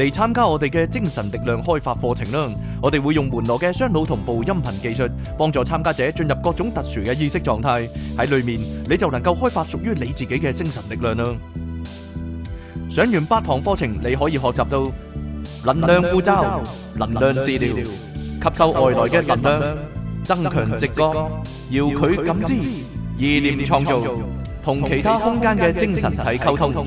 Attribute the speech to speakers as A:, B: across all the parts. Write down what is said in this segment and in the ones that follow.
A: 嚟參加我哋嘅精神力量開發課程啦！我哋會用門羅嘅雙腦同步音頻技術，幫助參加者進入各種特殊嘅意識狀態。喺裡面你就能夠開發屬於你自己嘅精神力量啦！上完八堂課程，你可以學習到能量呼召、能量治療、吸收外來嘅能量、增強直覺、遙距感知、意念創造、同其他空間嘅精神體溝通。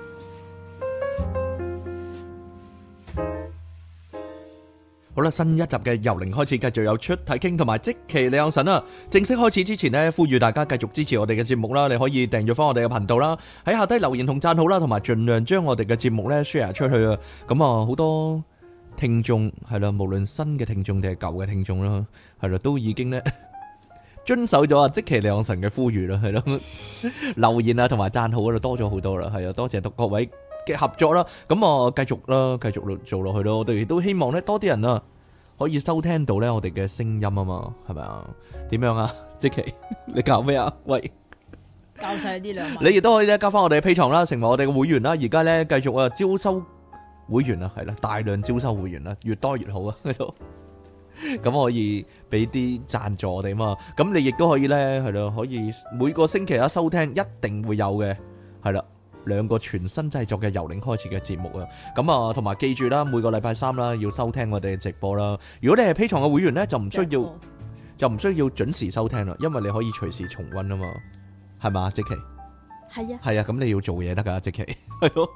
A: 好啦，新一集嘅由零開始，繼續有出體傾同埋即其李昂臣啊！正式開始之前呢，呼籲大家繼續支持我哋嘅節目啦，你可以訂閱翻我哋嘅頻道啦，喺下低留言同讚好啦，同埋盡量將我哋嘅節目呢 share 出去啊！咁啊，好多聽眾係啦，無論新嘅聽眾定係舊嘅聽眾咯，係啦都已經呢 遵守咗啊！即其李昂臣嘅呼籲啦，係咯留言啊同埋讚好嗰度多咗好多啦，係啊，多謝各位。嘅合作啦，咁啊繼續啦，繼續做落去咯。我哋亦都希望咧，多啲人啊可以收聽到咧我哋嘅聲音啊嘛，係咪啊？點樣啊？即奇，你搞咩啊？喂，
B: 教晒啲兩你亦
A: 都可以咧交翻我哋嘅 P 床啦，成為我哋嘅會員啦。而家咧繼續啊招收會員啊，係啦，大量招收會員啦，越多越好啊。咁可以俾啲贊助我哋嘛？咁你亦都可以咧，係咯，可以每個星期啊收聽，一定會有嘅，係啦。兩個全新製作嘅由零開始嘅節目啊！咁啊，同埋記住啦，每個禮拜三啦要收聽我哋嘅直播啦。如果你係 P 創嘅會員呢，就唔需要，嗯、就唔需要準時收聽啦，因為你可以隨時重溫啊嘛，係嘛？積奇，係啊，係啊，咁你要做嘢得㗎，積奇，係咯。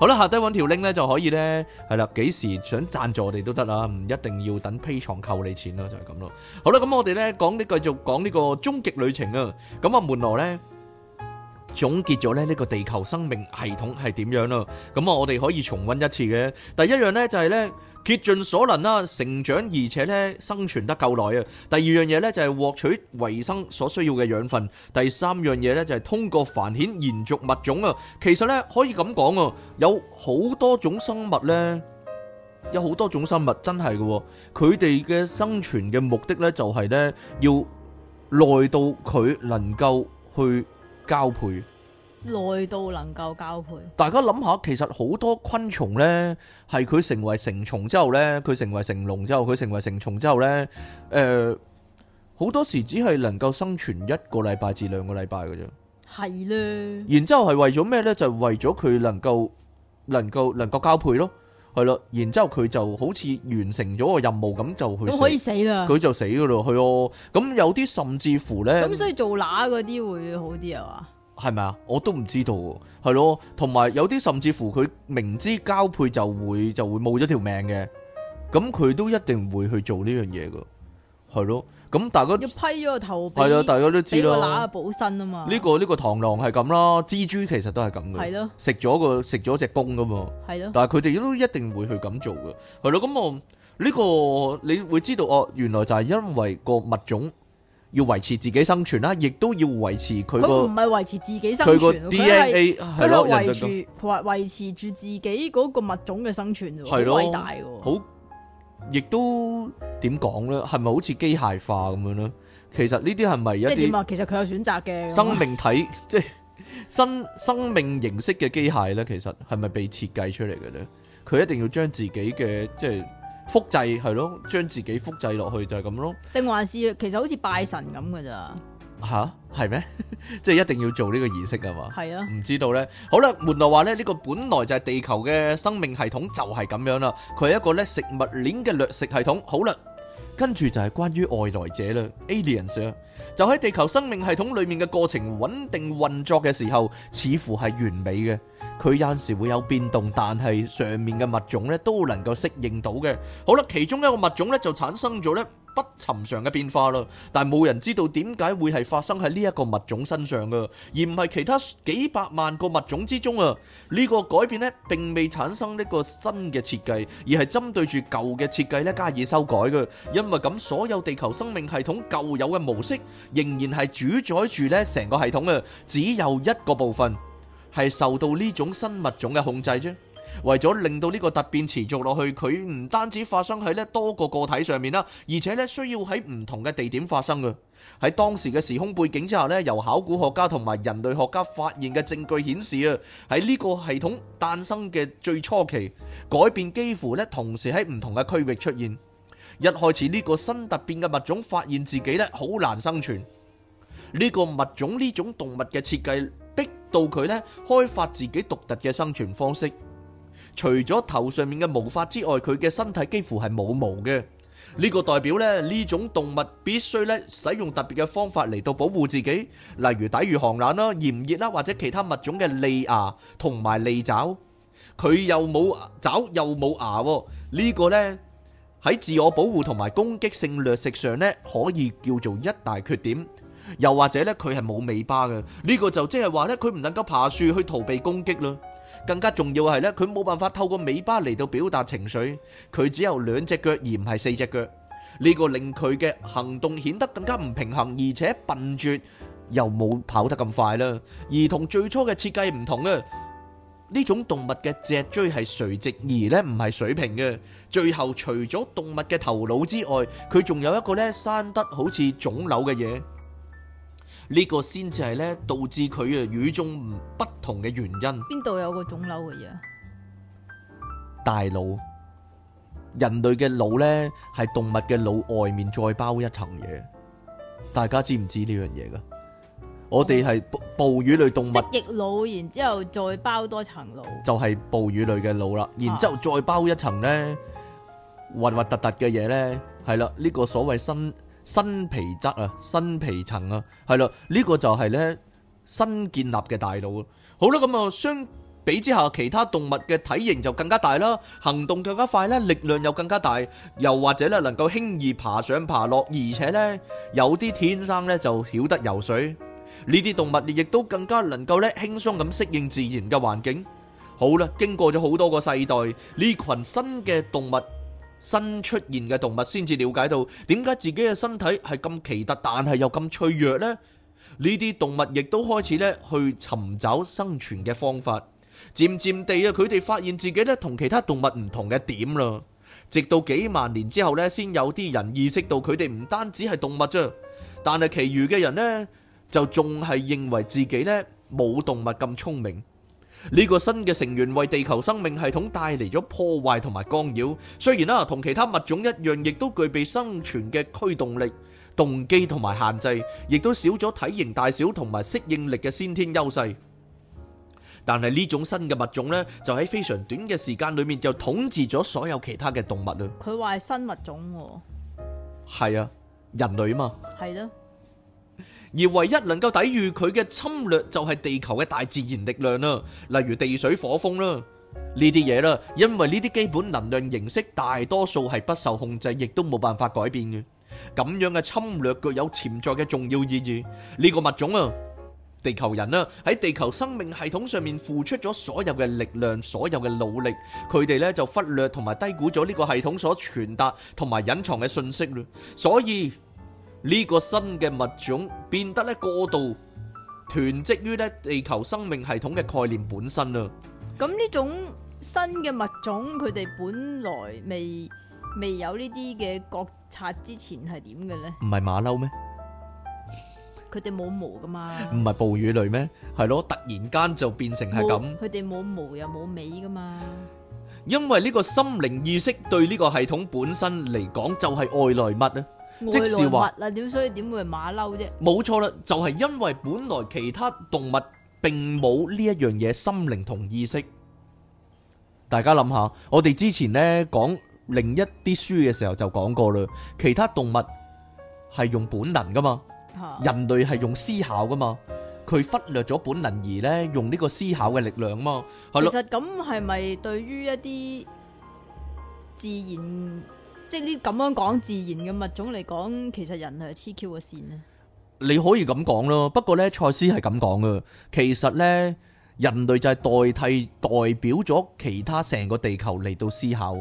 A: 好啦，下低揾條 link 咧就可以呢，係啦，啊，幾時想贊助我哋都得啦，唔一定要等 P 創扣你錢咯，就係咁咯。好啦，咁我哋呢講，繼續講呢個終極旅程啊！咁啊，門羅呢。總結咗咧，呢個地球生命系統係點樣咯？咁啊，我哋可以重溫一次嘅。第一樣呢，就係呢：竭盡所能啦，成長而且呢，生存得夠耐啊。第二樣嘢呢，就係獲取維生所需要嘅養分。第三樣嘢呢，就係通過繁衍延續物種啊。其實呢，可以咁講啊，有好多種生物呢，有好多種生物真係噶，佢哋嘅生存嘅目的呢，就係呢，要耐到佢能夠去、交配，
B: 耐到能夠交配。
A: 大家諗下，其實好多昆蟲呢，係佢成為成蟲之後呢，佢成為成龍之後，佢成為成蟲之後呢，誒、呃，好多時只係能夠生存一個禮拜至兩個禮拜嘅啫。
B: 係咧
A: 的。然之後係為咗咩呢？就係、為咗佢能夠、能夠能夠交配咯。係咯，然之後佢就好似完成咗個任務咁就去，都可以死啦。佢就死噶咯，係咯。咁有啲甚至乎咧，咁、嗯、所以
B: 做乸嗰啲會好啲啊？
A: 係咪啊？我都唔知道喎。係咯，同埋有啲甚至乎佢明知交配就會就會冇咗條命嘅，咁佢都一定會去做呢樣嘢噶。係咯，咁大家一批咗個頭，
B: 係啊，大家都知啦，俾乸啊補身啊嘛。呢
A: 個呢個螳螂係咁啦，蜘蛛其實都係咁嘅，係咯，食咗個食咗隻公噶嘛，係咯。但係佢哋都一定會去咁做噶，係咯。咁我呢個你會知道哦，原來就係因為個物種要維持自己生存啦，亦都要維持佢個唔
B: 係維持自己生存佢個 D N A，佢係維住維維持住自己嗰個物種嘅生存啫，係咯，偉大喎，好。
A: 亦都點講咧？係咪好似機械化咁樣咧？其實呢啲係咪一啲？啊？
B: 其實佢有選擇嘅。生命
A: 體即係 生生命形式嘅機械咧，其實係咪被設計出嚟嘅咧？佢一定要將自己嘅即係複製係咯，將自己複製落去就係咁咯。
B: 定還是其實好似拜神咁嘅咋？
A: 吓係咩？ 即係一定要做呢個儀式啊嘛？係啊，唔知道呢。好啦，門來話呢，呢個本來就係地球嘅生命系統就係咁樣啦，佢係一個咧食物鏈嘅掠食系統。好啦，跟住就係關於外來者啦，aliens 啦，就喺地球生命系統裏面嘅過程穩定運作嘅時候，似乎係完美嘅。佢有陣時會有變動，但係上面嘅物種咧都能夠適應到嘅。好啦，其中一個物種咧就產生咗咧不尋常嘅變化啦，但係冇人知道點解會係發生喺呢一個物種身上㗎，而唔係其他幾百萬個物種之中啊。呢個改變咧並未產生呢個新嘅設計，而係針對住舊嘅設計咧加以修改嘅。因為咁，所有地球生命系統舊有嘅模式仍然係主宰住咧成個系統啊，只有一個部分，係受到呢種新物種嘅控制啫。為咗令到呢個突變持續落去，佢唔單止發生喺咧多個個體上面啦，而且咧需要喺唔同嘅地點發生嘅。喺當時嘅時空背景之下咧，由考古學家同埋人類學家發現嘅證據顯示啊，喺呢個系統誕生嘅最初期，改變幾乎咧同時喺唔同嘅區域出現。一開始呢個新突變嘅物種發現自己咧好難生存。呢個物種呢種動物嘅設計。到佢咧開發自己獨特嘅生存方式，除咗頭上面嘅毛髮之外，佢嘅身體幾乎係冇毛嘅。呢個代表咧呢種動物必須咧使用特別嘅方法嚟到保護自己，例如抵禦寒冷啦、炎熱啦，或者其他物種嘅利牙同埋利爪。佢又冇爪又冇牙，呢個咧喺自我保護同埋攻擊性掠食上咧可以叫做一大缺點。又或者咧，佢係冇尾巴嘅，呢個就即係話咧，佢唔能夠爬樹去逃避攻擊啦。更加重要係咧，佢冇辦法透過尾巴嚟到表達情緒，佢只有兩隻腳而唔係四隻腳，呢個令佢嘅行動顯得更加唔平衡，而且笨拙又冇跑得咁快啦。而同最初嘅設計唔同呀，呢種動物嘅脊椎係垂直而咧，唔係水平嘅。最後除咗動物嘅頭腦之外，佢仲有一個呢，生得好似腫瘤嘅嘢。呢個先至係咧，導致佢啊與眾不同嘅原因。
B: 邊度有個腫瘤嘅嘢？
A: 大腦，人類嘅腦咧係動物嘅腦外面再包一層嘢。大家知唔知呢樣嘢噶？哦、我哋係哺乳類動物。蜥
B: 蜴腦，然之後再包多層腦。
A: 就係哺乳類嘅腦啦，啊、然之後再包一層咧，核核突突嘅嘢咧，係啦，呢、呢個所謂新。新皮質啊，新皮層啊，係咯，呢個就係咧新建立嘅大腦咯。好啦，咁啊相比之下，其他動物嘅體型就更加大啦，行動更加快咧，力量又更加大，又或者咧能夠輕易爬上爬落，而且咧有啲天生咧就曉得游水。呢啲動物亦都更加能夠咧輕鬆咁適應自然嘅環境。好啦，經過咗好多個世代，呢羣新嘅動物。新出現嘅動物先至了解到點解自己嘅身體係咁奇特，但係又咁脆弱呢。呢啲動物亦都開始咧去尋找生存嘅方法。漸漸地啊，佢哋發現自己咧同其他動物唔同嘅點啦。直到幾萬年之後咧，先有啲人意識到佢哋唔單止係動物啫，但係其餘嘅人呢，就仲係認為自己咧冇動物咁聰明。呢個新嘅成員為地球生命系統帶嚟咗破壞同埋干擾，雖然啦，同其他物種一樣，亦都具備生存嘅驅動力，動機同埋限制，亦都少咗體型大小同埋適應力嘅先天優勢，但係呢種新嘅物種呢，就喺非常短嘅時間裏面就統治咗所有其他嘅動物啦。
B: 佢話係新物種，
A: 係啊，人類嘛，係咯。而唯一能夠抵禦佢嘅侵略就係地球嘅大自然力量啦，例如地水火風啦呢啲嘢啦，因為呢啲基本能量形式大多數係不受控制，亦都冇辦法改變嘅。咁樣嘅侵略具有潛在嘅重要意義。呢個物種啊，地球人啦，喺地球生命系統上面付出咗所有嘅力量，所有嘅努力，佢哋咧就忽略同埋低估咗呢個系統所傳達同埋隱藏嘅信息啦，所以。呢個新嘅物種變得咧過度囤積於咧地球生命系統嘅概念本身啦。
B: 咁呢種新嘅物種，佢哋本來未未有呢啲嘅覺察之前係點嘅咧？
A: 唔係馬騮咩？
B: 佢哋冇毛噶嘛？
A: 唔係哺乳類咩？係咯，突然間就變成係咁。
B: 佢哋冇毛又冇尾噶嘛？
A: 因為呢個心靈意識對呢個系統本身嚟講就係外來物啊！即是話
B: 啊，點所以點會馬騮啫？
A: 冇錯啦，就係因為本來其他動物並冇呢一樣嘢心靈同意識。大家諗下，我哋之前呢講另一啲書嘅時候就講過啦，其他動物係用本能噶嘛，人類係用思考噶嘛，佢忽略咗本能而呢用呢個思考嘅力量啊嘛，係咯。其實
B: 咁係咪對於一啲自然？即係呢咁樣講自然嘅物種嚟講，其實人類係黐 Q 嘅線啊！
A: 你可以咁講咯，不過呢，賽斯係咁講嘅，其實呢，人類就係代替代表咗其他成個地球嚟到思考。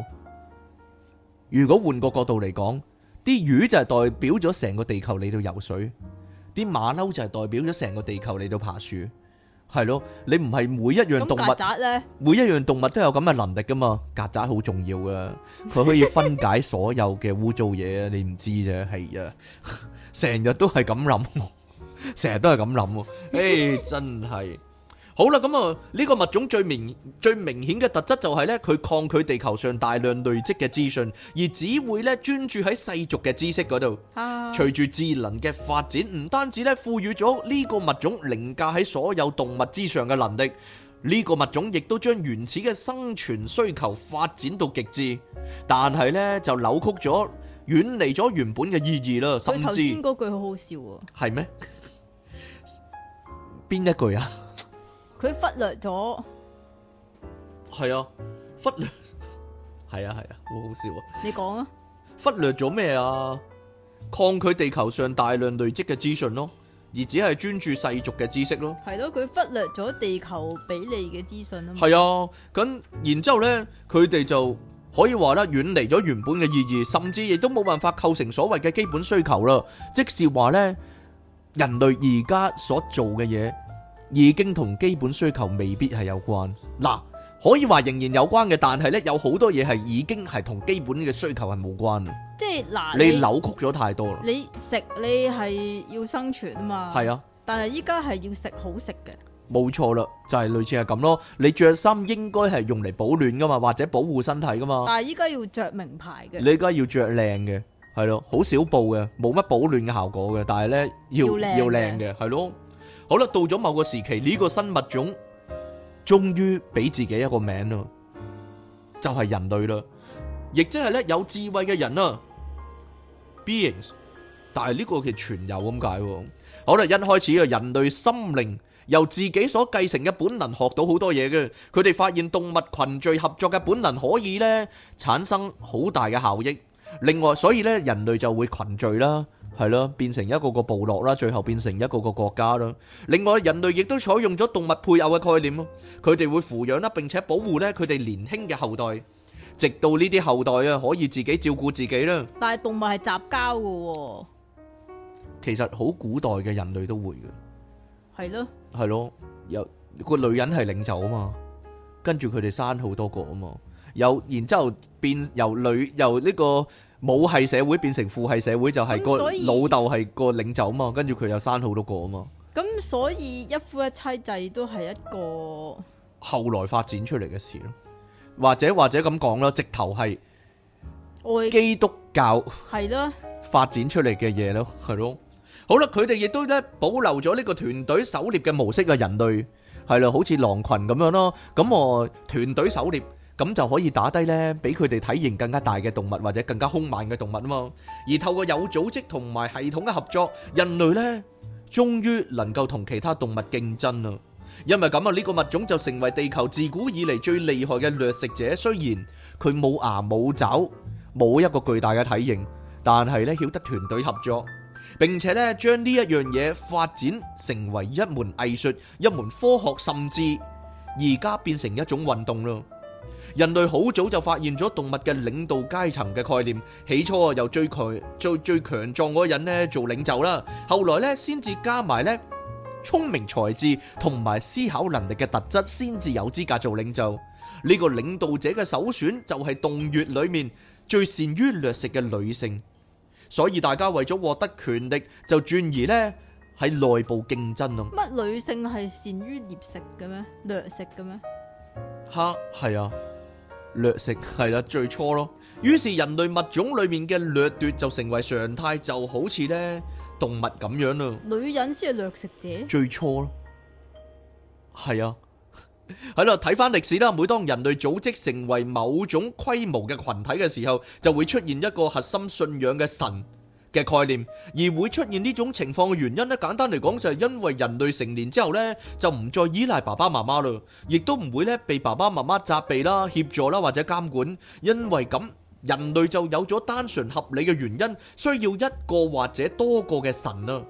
A: 如果換個角度嚟講，啲魚就係代表咗成個地球嚟到游水，啲馬騮就係代表咗成個地球嚟到爬樹。係咯，你唔係每一樣動物，曱甴咧，每一樣動物都有咁嘅能力噶嘛？曱甴好重要噶，佢可以分解所有嘅污糟嘢啊！你唔知啫，係啊，成日都係咁諗，成日都係咁諗，誒，真係。好啦，咁啊，呢個物種最明最明顯嘅特質就係咧，佢抗拒地球上大量累積嘅資訊，而只會咧專注喺世俗嘅知識嗰度。啊！隨住智能嘅發展，唔單止咧賦予咗呢個物種凌駕喺所有動物之上嘅能力，呢個物種亦都將原始嘅生存需求發展到極致，但係咧就扭曲咗，遠離咗原本嘅意義咯。甚至，佢頭
B: 先嗰句好好笑，
A: 係咩？邊一句啊？
B: 佢忽略咗，
A: 係啊，忽略係啊係啊，好好笑啊！你講啊，忽略咗咩啊？抗拒地球上大量累積嘅資訊咯，而只係專注世俗嘅知識咯。
B: 係咯，啊，佢忽略咗地球俾你嘅資
A: 訊啊。係啊，咁然之後呢，佢哋就可以話咧，遠離咗原本嘅意義，甚至亦都冇辦法構成所謂嘅基本需求啦。即是話呢，人類而家所做嘅嘢。已經同基本需求未必係有關，嗱，可以話仍然有關嘅，但係呢，有好多嘢係已經係同基本嘅需求係冇關，
B: 即係嗱你扭
A: 曲咗太多啦。你
B: 食，你係要生存啊嘛，係啊，但係依家係要食好食嘅，
A: 冇錯啦，就係類似係咁咯。你着衫應該係用嚟保暖噶嘛，或者保護身體噶嘛，但
B: 係依家要着名牌嘅，
A: 你依家要着靚嘅，係咯，好少布嘅，冇乜保暖嘅效果嘅，但係呢，要要靚嘅，係咯。好啦，到咗某個時期，呢個新物種終於俾自己一個名咯，就係人類啦，亦即係咧有智慧嘅人啦，Beings。但係呢個其實全有咁解。好啦，一開始啊，人類心靈由自己所繼承嘅本能學到好多嘢嘅，佢哋發現動物群聚合作嘅本能可以咧產生好大嘅效益。另外，所以咧人類就會群聚啦。係咯，變成一個個部落啦，最後變成一個個國家啦。另外，人類亦都採用咗動物配偶嘅概念咯，佢哋會撫養啦，並且保護咧佢哋年輕嘅後代，直到呢啲後代啊可以自己照顧自己啦。
B: 但係動物係雜交噶喎，
A: 其實好古代嘅人類都會嘅，
B: 係咯，
A: 係咯，有個女人係領袖啊嘛，跟住佢哋生好多個啊嘛，又然之後變由女由呢個。母系社會變成父系社會就係、是、個老豆係個領袖啊嘛，跟住佢又生好多個啊嘛。
B: 咁所以一夫一妻制都係一個
A: 後來發展出嚟嘅事咯，或者或者咁講啦，直頭係基督教係咯發展出嚟嘅嘢咯，係咯的。好啦，佢哋亦都咧保留咗呢個團隊狩獵嘅模式嘅人類係啦，好似狼群咁樣咯。咁我、呃、團隊狩獵。咁就可以打低呢，比佢哋體型更加大嘅動物或者更加凶猛嘅動物啊嘛，而透過有組織同埋系統嘅合作，人類呢終於能夠同其他動物競爭啦。因為咁啊，呢個物種就成為地球自古以嚟最厲害嘅掠食者。雖然佢冇牙冇爪，冇一個巨大嘅體型，但係呢曉得團隊合作，並且呢將呢一樣嘢發展成為一門藝術、一門科學，甚至而家變成一種運動咯。人類好早就發現咗動物嘅領導階層嘅概念，起初啊，由最強最最強壯嗰個人咧做領袖啦，後來呢，先至加埋呢聰明才智同埋思考能力嘅特質，先至有資格做領袖。呢個領導者嘅首選就係洞穴裏面最善於掠食嘅女性，所以大家為咗獲得權力就轉移呢喺內部競爭咯。
B: 乜女性係善於獵食嘅咩？掠食嘅咩？
A: 吓，係啊。掠食係啦，最初咯。於是人類物種裏面嘅掠奪就成為常態，就好似咧動物咁樣啦。
B: 女人先係掠食者。
A: 最初咯，係啊，係啦。睇翻歷史啦，每當人類組織成為某種規模嘅群體嘅時候，就會出現一個核心信仰嘅神。嘅概念，而會出現呢種情況嘅原因咧，簡單嚟講就係因為人類成年之後咧，就唔再依賴爸爸媽媽喇，亦都唔會咧被爸爸媽媽責備啦、協助啦或者監管，因為咁人類就有咗單純合理嘅原因，需要一個或者多個嘅神啦。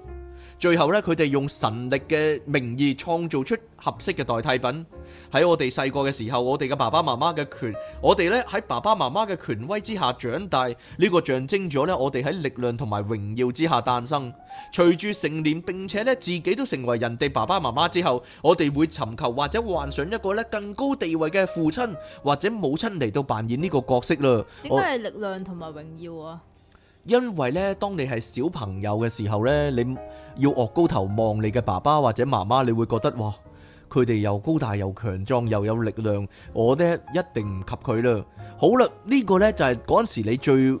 A: 最後咧，佢哋用神力嘅名義創造出合適嘅代替品。喺我哋細個嘅時候，我哋嘅爸爸媽媽嘅權，我哋咧喺爸爸媽媽嘅權威之下長大。呢個象徵咗咧，我哋喺力量同埋榮耀之下誕生。隨住成年，並且咧自己都成為人哋爸爸媽媽之後，我哋會尋求或者幻想一個咧更高地位嘅父親或者母親嚟到扮演呢個角色咯。點解係
B: 力量同埋榮耀啊？
A: 因為咧，當你係小朋友嘅時候咧，你要岳高頭望你嘅爸爸或者媽媽，你會覺得，哇，佢哋又高大又強壯又有力量，我咧一定唔及佢啦。好啦，呢個咧就係嗰陣時你最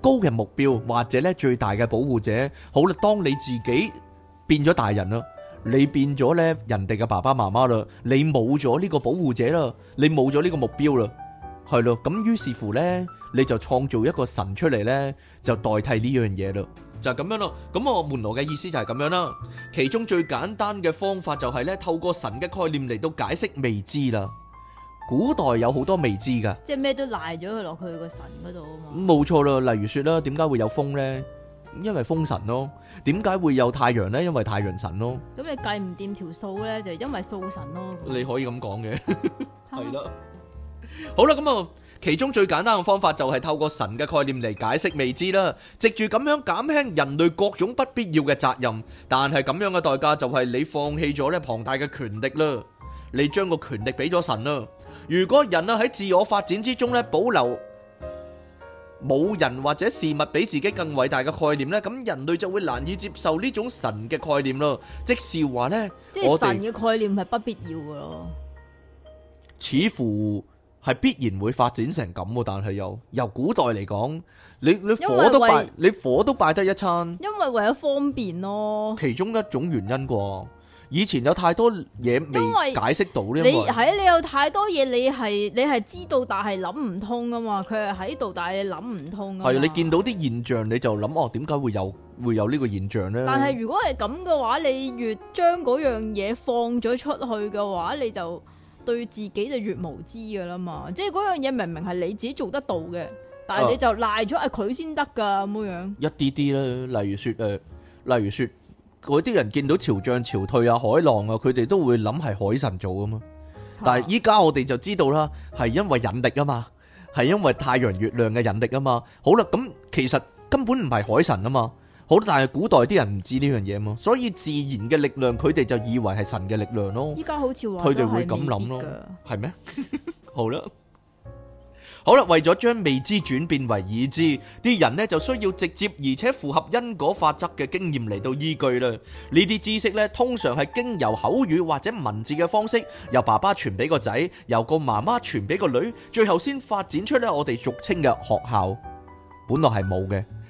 A: 高嘅目標或者咧最大嘅保護者。好啦，當你自己變咗大人啦，你變咗咧人哋嘅爸爸媽媽啦，你冇咗呢個保護者啦，你冇咗呢個目標啦。係咯，咁於是乎呢，你就創造一個神出嚟呢，就代替呢樣嘢咯，就係咁樣咯。咁我門羅嘅意思就係咁樣啦。其中最簡單嘅方法就係呢，透過神嘅概念嚟到解釋未知啦。古代有好多未知噶，
B: 即係咩都賴咗佢落去個神嗰
A: 度啊嘛。咁冇錯啦，例如說啦，點解會有風呢？因為風神咯。點解會有太陽呢？因為太陽神咯。
B: 咁你計唔掂條數呢？就因為數神咯。
A: 你可以咁講嘅，係咯。好啦，咁啊，其中最簡單嘅方法就係透過神嘅概念嚟解釋未知啦，藉住咁樣減輕人類各種不必要嘅責任。但係咁樣嘅代價就係你放棄咗咧龐大嘅權力啦，你將個權力俾咗神啦。如果人啊喺自我發展之中咧保留冇人或者事物比自己更偉大嘅概念咧，咁人類就會難以接受呢種神嘅概念咯。即是話咧，即係神嘅
B: 概念係不必要嘅咯，
A: 似乎。係必然會發展成咁，但係又，由古代嚟講，你你火都拜，為為你火都拜得一餐。
B: 因為為咗方便咯。其
A: 中一種原因啩，以前有太多嘢未解釋到咧。你係
B: 你有太多嘢，你係你係知道，但係諗唔通㗎嘛。佢係喺度，但係你諗唔通啊。係你見
A: 到啲現象，你就諗哦，點解會有會有呢個現象咧？但係
B: 如果係咁嘅話，你越將嗰樣嘢放咗出去嘅話，你就。對自己就越無知噶啦嘛，即係嗰樣嘢明明係你自己做得到嘅，但係你就賴咗係佢先得噶咁樣，
A: 一啲啲啦。例如說誒、呃，例如說嗰啲人見到潮漲潮退啊、海浪啊，佢哋都會諗係海神做噶嘛。但係依家我哋就知道啦，係因為引力啊嘛，係因為太陽、月亮嘅引力啊嘛。好啦，咁其實根本唔係海神啊嘛。好，但係古代啲人唔知呢樣嘢嘛，所以自然嘅力量，佢哋就以為係神嘅力量咯。依家
B: 好似話，佢哋會咁諗咯，
A: 係咩？好啦，好啦，為咗將未知轉變為已知，啲人呢就需要直接而且符合因果法則嘅經驗嚟到依據啦。呢啲知識呢，通常係經由口語或者文字嘅方式，由爸爸傳俾個仔，由個媽媽傳俾個女，最後先發展出呢我哋俗稱嘅學校。本來係冇嘅。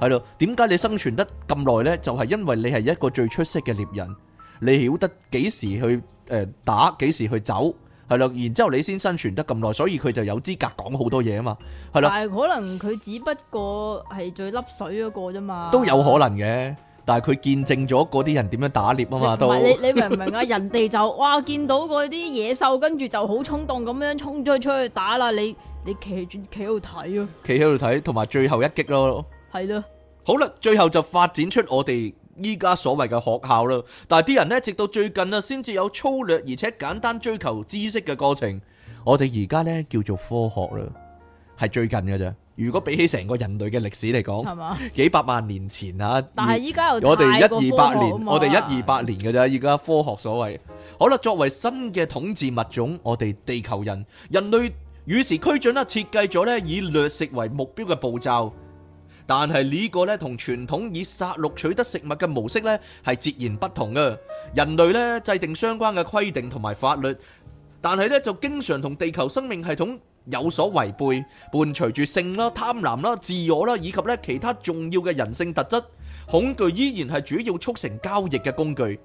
A: 係咯，點解你生存得咁耐呢？就係因為你係一個最出色嘅獵人，你曉得幾時去誒打，幾時去走，係咯，然之後你先生存得咁耐，所以佢就有資格講好多嘢啊嘛，係咯。但係可
B: 能佢只不過係最甩水嗰個啫嘛，都有可能
A: 嘅。但係佢見證咗嗰啲人點樣打獵啊嘛，都唔
B: 係你，你明唔明啊？人哋就哇，見到嗰啲野獸，跟住就好衝動咁樣衝咗出去打啦。你你企住，企喺度睇啊，
A: 企喺度睇，同埋最後一擊咯。係咯，好啦，最後就發展出我哋依家所謂嘅學校啦。但係啲人呢，直到最近啦，先至有粗略而且簡單追求知識嘅過程。我哋而家呢，叫做科學啦，係最近嘅啫。如果比起成個人類嘅歷史嚟講，係嘛？幾百萬年前啊，但係依家我哋一二百年，我哋一二百年嘅啫。依家科學所謂好啦，作為新嘅統治物種，我哋地球人人類與時俱進啦，設計咗咧以掠食為目標嘅步驟。但係呢個呢，同傳統以殺戮取得食物嘅模式呢，係截然不同嘅。人類呢，制定相關嘅規定同埋法律，但係呢就經常同地球生命系統有所違背。伴隨住性啦、貪婪啦、自我啦，以及呢其他重要嘅人性特質，恐懼依然係主要促成交易嘅工具。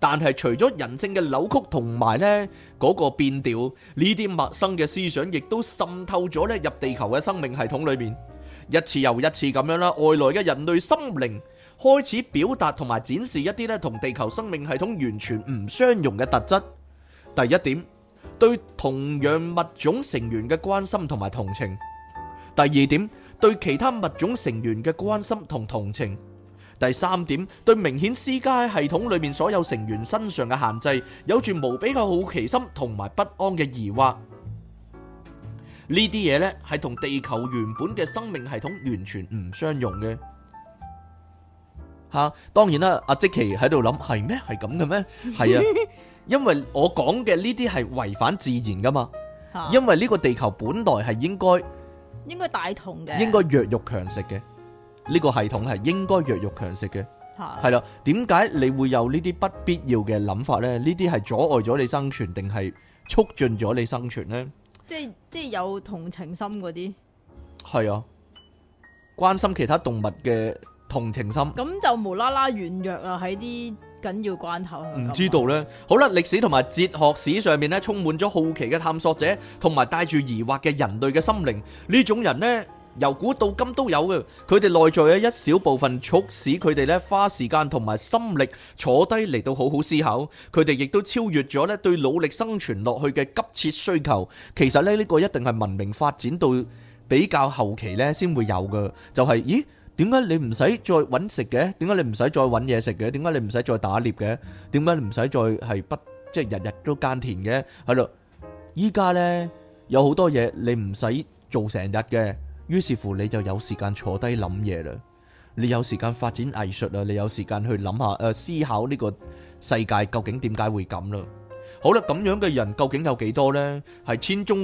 A: 但係除咗人性嘅扭曲同埋呢嗰個變調，呢啲陌生嘅思想亦都滲透咗呢入地球嘅生命系統裏面。一次又一次咁樣啦，外來嘅人類心靈開始表達同埋展示一啲呢同地球生命系統完全唔相容嘅特質。第一點，對同樣物種成員嘅關心同埋同情；第二點，對其他物種成員嘅關心同同情；第三點，對明顯私家系統裏面所有成員身上嘅限制，有住無比嘅好奇心同埋不安嘅疑惑。呢啲嘢呢，係同地球原本嘅生命系統完全唔相容嘅，吓、啊，當然啦，阿即奇喺度諗係咩？係咁嘅咩？係啊， 因為我講嘅呢啲係違反自然噶嘛，啊、
B: 因為呢個
A: 地球本來係應該
B: 應該大同嘅，應該弱
A: 肉強食嘅呢、這個系統係應該弱肉強食嘅，係啦、啊。點解、啊、你會有呢啲不必要嘅諗法呢？呢啲係阻礙咗你生存，定係促進咗你生存呢？
B: 即係即係有同情心嗰啲，
A: 係啊，關心其他動物嘅同情心。
B: 咁就無啦啦軟弱啦，喺啲緊要關頭。唔
A: 知道咧。好啦，歷史同埋哲學史上面咧，充滿咗好奇嘅探索者，同埋帶住疑惑嘅人類嘅心靈，呢種人呢。由古到今都有嘅，佢哋內在嘅一小部分促使佢哋咧，花時間同埋心力坐低嚟到好好思考。佢哋亦都超越咗咧，對努力生存落去嘅急切需求。其實咧，呢個一定係文明發展到比較後期咧先會有嘅。就係咦，點解你唔使再搵食嘅？點解你唔使再搵嘢食嘅？點解你唔使再打獵嘅？點解你唔使再係不即係日日都耕田嘅？係咯，依家咧，有好多嘢你唔使做成日嘅。於是乎，你就有時間坐低諗嘢啦。你有時間發展藝術啦，你有時間去諗下，誒、呃、思考呢個世界究竟點解會咁啦。好啦，咁樣嘅人究竟有幾多呢？係千中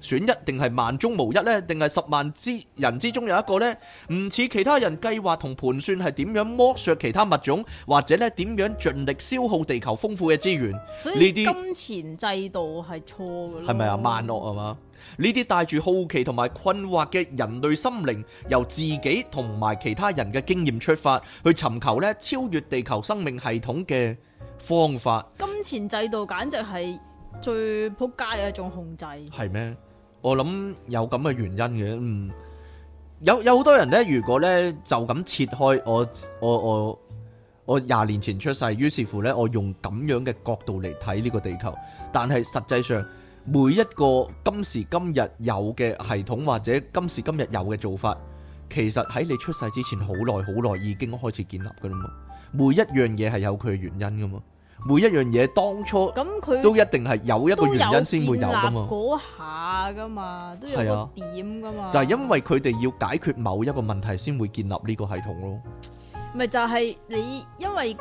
A: 選一，定係萬中無一咧？定係十萬之人之中有一個呢？唔似其他人計劃同盤算係點樣剝削其他物種，或者咧，點樣盡力消耗地球豐富嘅資源？呢啲以些金
B: 錢制度係錯嘅。係咪啊？萬
A: 惡係嘛？呢啲帶住好奇同埋困惑嘅人類心靈，由自己同埋其他人嘅經驗出發，去尋求咧超越地球生命系統嘅方法。
B: 金錢制度簡直係最扑街嘅一種控制，係
A: 咩？我諗有咁嘅原因嘅，嗯，有有好多人呢，如果呢就咁切開我，我我我我廿年前出世，於是乎呢，我用咁樣嘅角度嚟睇呢個地球。但係實際上，每一個今時今日有嘅系統或者今時今日有嘅做法，其實喺你出世之前好耐好耐已經開始建立噶啦嘛。每一樣嘢係有佢嘅原因噶嘛。每一樣嘢當初都一定係有一個原因先會有噶嘛，都有建
B: 立嗰下噶嘛，都有個點噶嘛。就係因
A: 為佢哋要解決某一個問題先會建立呢個系統咯。
B: 咪就係你因為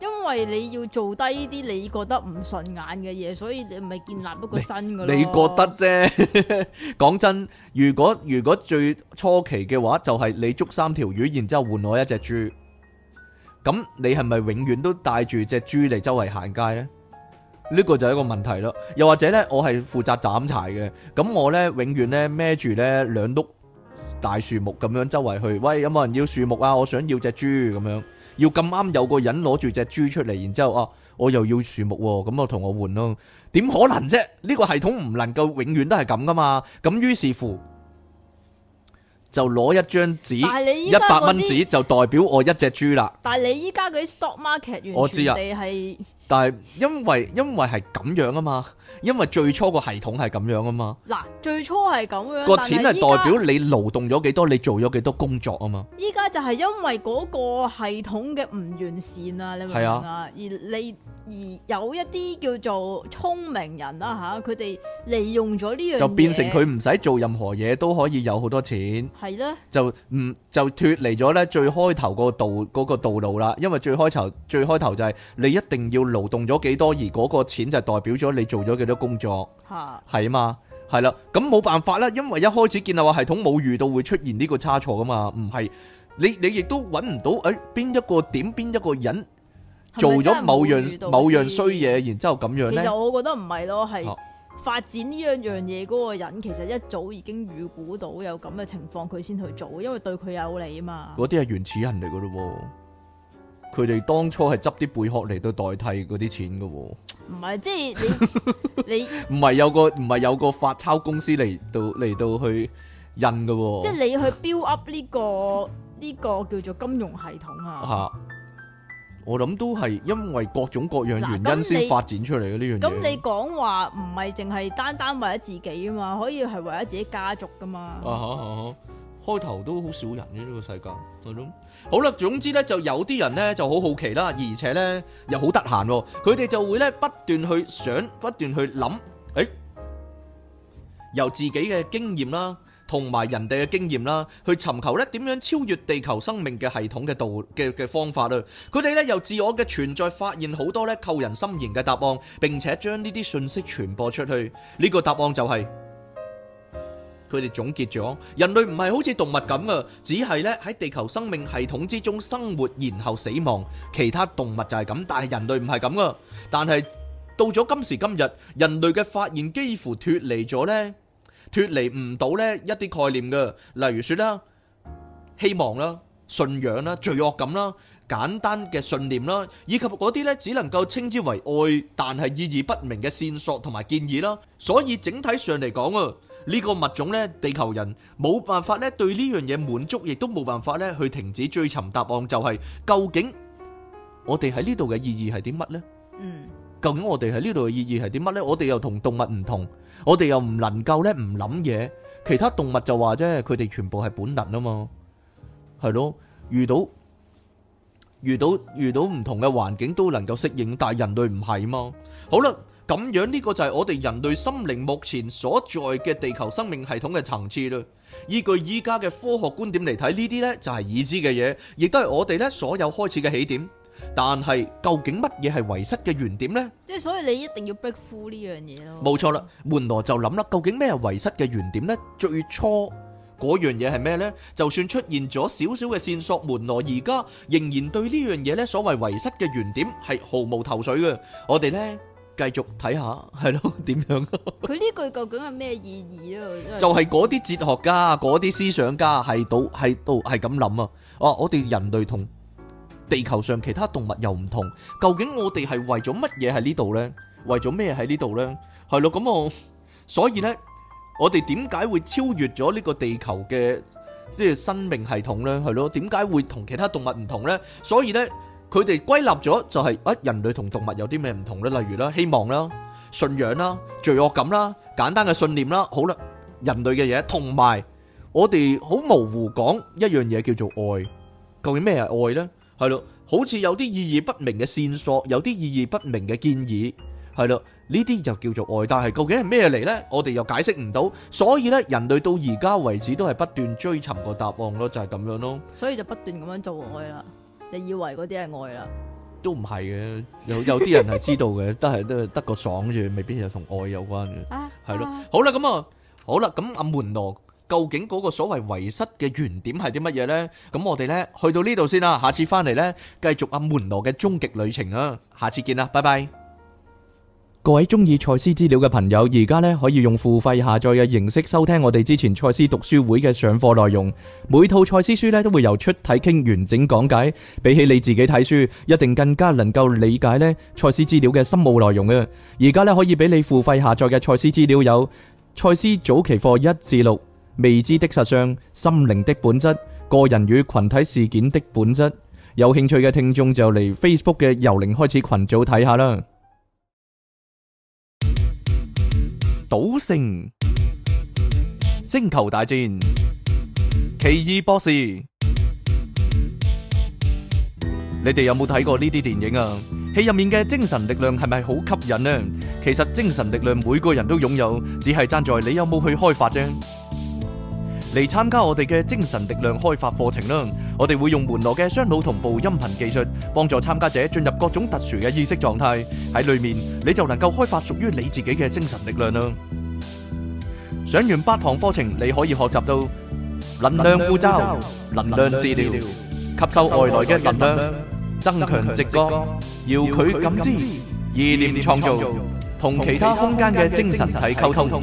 B: 因為你要做低啲你覺得唔順眼嘅嘢，所以你咪建立一個新嘅咯。你覺得
A: 啫，講真，如果如果最初期嘅話，就係你捉三條魚，然之後換我一隻豬。咁你係咪永遠都帶住隻豬嚟周圍行街呢？呢、呢個就係一個問題咯。又或者呢，我係負責斬柴嘅，咁我呢，永遠呢，孭住呢兩碌大樹木咁樣周圍去。喂，有冇人要樹木啊？我想要隻豬咁樣，要咁啱有個人攞住隻豬出嚟，然之後哦、啊，我又要樹木喎、啊，咁我同我換咯。點可能啫？呢、呢個系統唔能夠永遠都係咁噶嘛。咁於是乎。就攞一張紙，一百蚊紙就代表我一隻豬啦。
B: 但係你依家嗰啲 stock market 完全，我知啊，你係，啊、
A: 但係因為因為係咁樣啊嘛，因為最初個系統係咁樣啊嘛。
B: 嗱，最初係咁樣，個錢係代表你
A: 勞動咗幾多，你做咗幾多工作啊嘛。
B: 依家就係因為嗰個系統嘅唔完善啊，你明唔明啊？係啊，而你。而有一啲叫做聰明人啦吓，佢哋利用咗呢樣嘢，就變成佢唔
A: 使做任何嘢都可以有好多錢，係咧的就唔、嗯、就脫離咗呢最開頭個道，嗰個道路啦，因為最開頭最開頭就係你一定要勞動咗幾多，而嗰個錢就代表咗你做咗幾多工作，係啊嘛係啦，咁冇辦法啦，因為一開始見到話系統冇遇到會出現呢個差錯噶嘛，唔係你你亦都搵唔到誒邊、欸、一個點邊一個人
B: 是是做咗某樣某樣
A: 衰嘢，然之後咁樣，其實我
B: 覺得唔係咯，係發展呢樣樣嘢嗰個人，啊、其實一早已經預估到有咁嘅情況，佢先去做，因為對佢有利啊嘛。
A: 嗰啲係原始人嚟噶咯，佢哋當初係執啲貝殼嚟到代替嗰啲錢噶。唔
B: 係，即係你
A: 你唔係 有個唔係有個發鈔公司嚟到嚟到去印噶？即係
B: 你去 build up 呢個呢個叫做金融系統啊。啊。
A: 我諗都係因為各種各樣原因先發展出嚟嘅呢樣嘢。咁你
B: 講話唔係淨係單單為咗自己啊嘛，可以係為咗自己家族噶嘛。啊
A: 哈啊哈，開頭都好少人嘅呢個世界，係咯。好啦，總之呢，就有啲人呢就好好奇啦，而且呢又好得閒，佢哋就會呢不斷去想，不斷去諗，誒，由自己嘅經驗啦。同埋人哋嘅經驗啦，去尋求咧點樣超越地球生命嘅系統嘅道嘅嘅方法啊！佢哋咧由自我嘅存在發現好多咧扣人心弦嘅答案，並且將呢啲信息傳播出去。呢個答案就係佢哋總結咗：人類唔係好似動物咁啊，只係咧喺地球生命系統之中生活，然後死亡。其他動物就係咁，但係人類唔係咁噶。但係到咗今時今日，人類嘅發現幾乎脱離咗呢。脫離唔到呢一啲概念嘅，例如說啦，希望啦，信仰啦，罪惡感啦，簡單嘅信念啦，以及嗰啲呢只能夠稱之為愛，但係意義不明嘅線索同埋建議啦。所以整體上嚟講啊，呢個物種呢，地球人冇辦法呢對呢樣嘢滿足，亦都冇辦法呢去停止追尋答案，就係究竟我哋喺呢度嘅意義係啲乜呢？嗯。究竟我哋喺呢度嘅意義係啲乜呢？我哋又同動物唔同，我哋又唔能夠呢唔諗嘢。其他動物就話啫，佢哋全部係本能啊嘛，係咯。遇到遇到遇到唔同嘅環境都能夠適應，但係人類唔係嘛。好啦，咁樣呢個就係我哋人類心靈目前所在嘅地球生命系統嘅層次啦。依據依家嘅科學觀點嚟睇，呢啲呢就係已知嘅嘢，亦都係我哋呢所有開始嘅起點。但係究竟乜嘢係遺失嘅原點呢？
B: 即係所以你一定要 break through 呢樣嘢咯。
A: 冇錯啦，門羅就諗啦，究竟咩係遺失嘅原點呢？最初嗰樣嘢係咩呢？就算出現咗少少嘅線索，門羅而家仍然對呢樣嘢呢，所謂遺失嘅原點係毫無頭緒嘅。我哋呢繼續睇下，係咯點樣？
B: 佢呢句究竟係咩意義啊？就係
A: 嗰啲哲學家、嗰啲思想家喺度喺度係咁諗啊！哦，我哋人類同。地球上其他動物又唔同，究竟我哋係為咗乜嘢喺呢度呢？為咗咩喺呢度呢？係咯，咁我所以呢，我哋點解會超越咗呢個地球嘅即係生命系統呢？係咯，點解會同其他動物唔同呢？所以呢，佢哋歸納咗就係啊，人類同動物有啲咩唔同呢？例如啦，希望啦，信仰啦，罪惡感啦，簡單嘅信念啦，好啦，人類嘅嘢，同埋我哋好模糊講一樣嘢叫做愛，究竟咩係愛呢？係咯，好似有啲意義不明嘅線索，有啲意義不明嘅建議，係咯，呢啲就叫做愛，但係究竟係咩嚟呢？我哋又解釋唔到，所以呢，人類到而家為止都係不斷追尋個答案咯，就係咁樣咯。
B: 所以就不斷咁樣做愛啦，你以為嗰啲係愛啦，
A: 都唔係嘅，有有啲人係知道嘅，都係都係得個爽住，未必係同愛有關嘅，係咯。好啦，咁啊，好啦，咁阿門羅。究竟嗰個所謂遺失嘅原點係啲乜嘢呢？咁我哋呢去到呢度先啦。下次翻嚟呢，繼續阿門羅嘅終極旅程啦。下次見啦，拜拜。各位中意賽斯資料嘅朋友，而家呢可以用付費下載嘅形式收聽我哋之前賽斯讀書會嘅上課內容。每套賽斯書呢都會由出體傾完整講解，比起你自己睇書，一定更加能夠理解呢賽斯資料嘅深奧內容啊。而家呢可以俾你付費下載嘅賽斯資料有賽斯早期課一至六。未知的實相、心靈的本質、個人與群體事件的本質。有興趣嘅聽眾就嚟 Facebook 嘅由零開始群組睇下啦。賭聖、星球大戰、奇異博士，你哋有冇睇過呢啲電影啊？戲入面嘅精神力量係咪好吸引啊？其實精神力量每個人都擁有，只係爭在你有冇去開發啫。嚟參加我哋嘅精神力量開發課程啦！我哋會用門羅嘅雙腦同步音頻技術，幫助參加者進入各種特殊嘅意識狀態。喺裏面你就能夠開發屬於你自己嘅精神力量啦！上完八堂課程，你可以學習到能量護罩、能量治療、吸收外來嘅能量、增強直覺、遙距感知、意念創造、同其他空間嘅精神體溝通。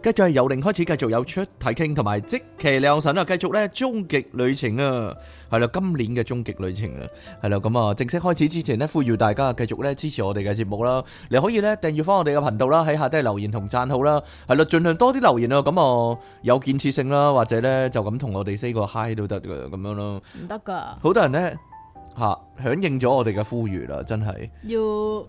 A: 繼續係由零開始，繼續有出睇傾，同埋即期兩神啊！繼續咧終極旅程啊，係啦，今年嘅終極旅程啊，係啦，咁啊，正式開始之前呢，呼籲大家啊，繼續咧支持我哋嘅節目啦，你可以咧訂閱翻我哋嘅頻道啦，喺下低留言同讚好啦，係啦，盡量多啲留言啊，咁啊有建設性啦，或者咧就咁同我哋 say 個 hi 都得㗎，咁樣咯、啊，唔得噶，好多人咧吓響應咗我哋嘅呼籲啦，真係。
B: 要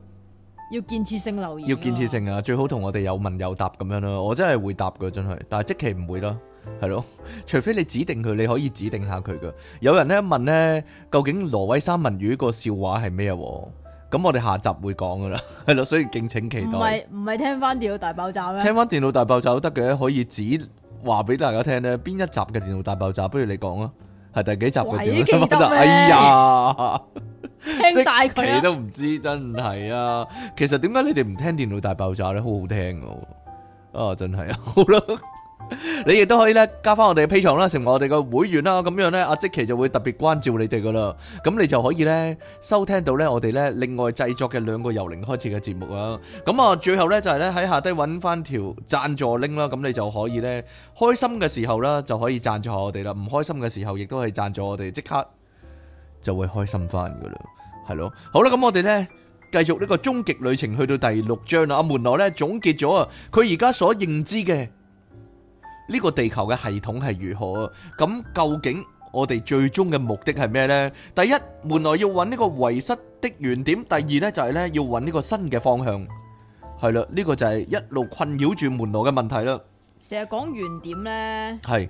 B: 要建設性留言，要建設
A: 性啊！最好同我哋有問有答咁樣咯、啊。我真係會答噶，真係，但係即期唔會咯，係咯，除非你指定佢，你可以指定下佢噶。有人咧問咧，究竟挪威三文魚個笑話係咩啊？咁我哋下集會講噶啦，係咯，所以敬請期待。唔係
B: 唔係，聽翻電腦大爆炸咩？聽
A: 翻電腦大爆炸都得嘅，可以指話俾大家聽咧，邊一集嘅電腦大爆炸？不如你講啊！係第幾集嘅點咧？咁就哎呀，聽晒佢你都唔知，真係啊！ 其實點解你哋唔聽《電腦大爆炸》咧？好好聽嘅，哦，啊，真係啊，好啦。你亦都可以咧加翻我哋嘅 Patreon 啦，成為我哋嘅會員啦，咁樣咧，阿即奇就會特別關照你哋噶啦。咁你就可以咧收聽到咧我哋咧另外製作嘅兩個由零開始嘅節目啊。咁啊，最後咧就係咧喺下低揾翻條贊助 link 啦，咁你就可以咧開心嘅時候啦就可以贊助下我哋啦，唔開心嘅時候亦都可以贊助我哋，即刻就會開心翻噶啦，係咯。好啦，咁我哋咧繼續呢個終極旅程去到第六章啦。阿門羅咧總結咗啊，佢而家所認知嘅。呢個地球嘅系統係如何？咁究竟我哋最終嘅目的係咩呢？第一門內，要揾呢個遺失的原點，第二呢就係呢要揾呢個新嘅方向，係啦，呢個就係一路困擾住門內嘅問題啦。
B: 成日講原點呢，係。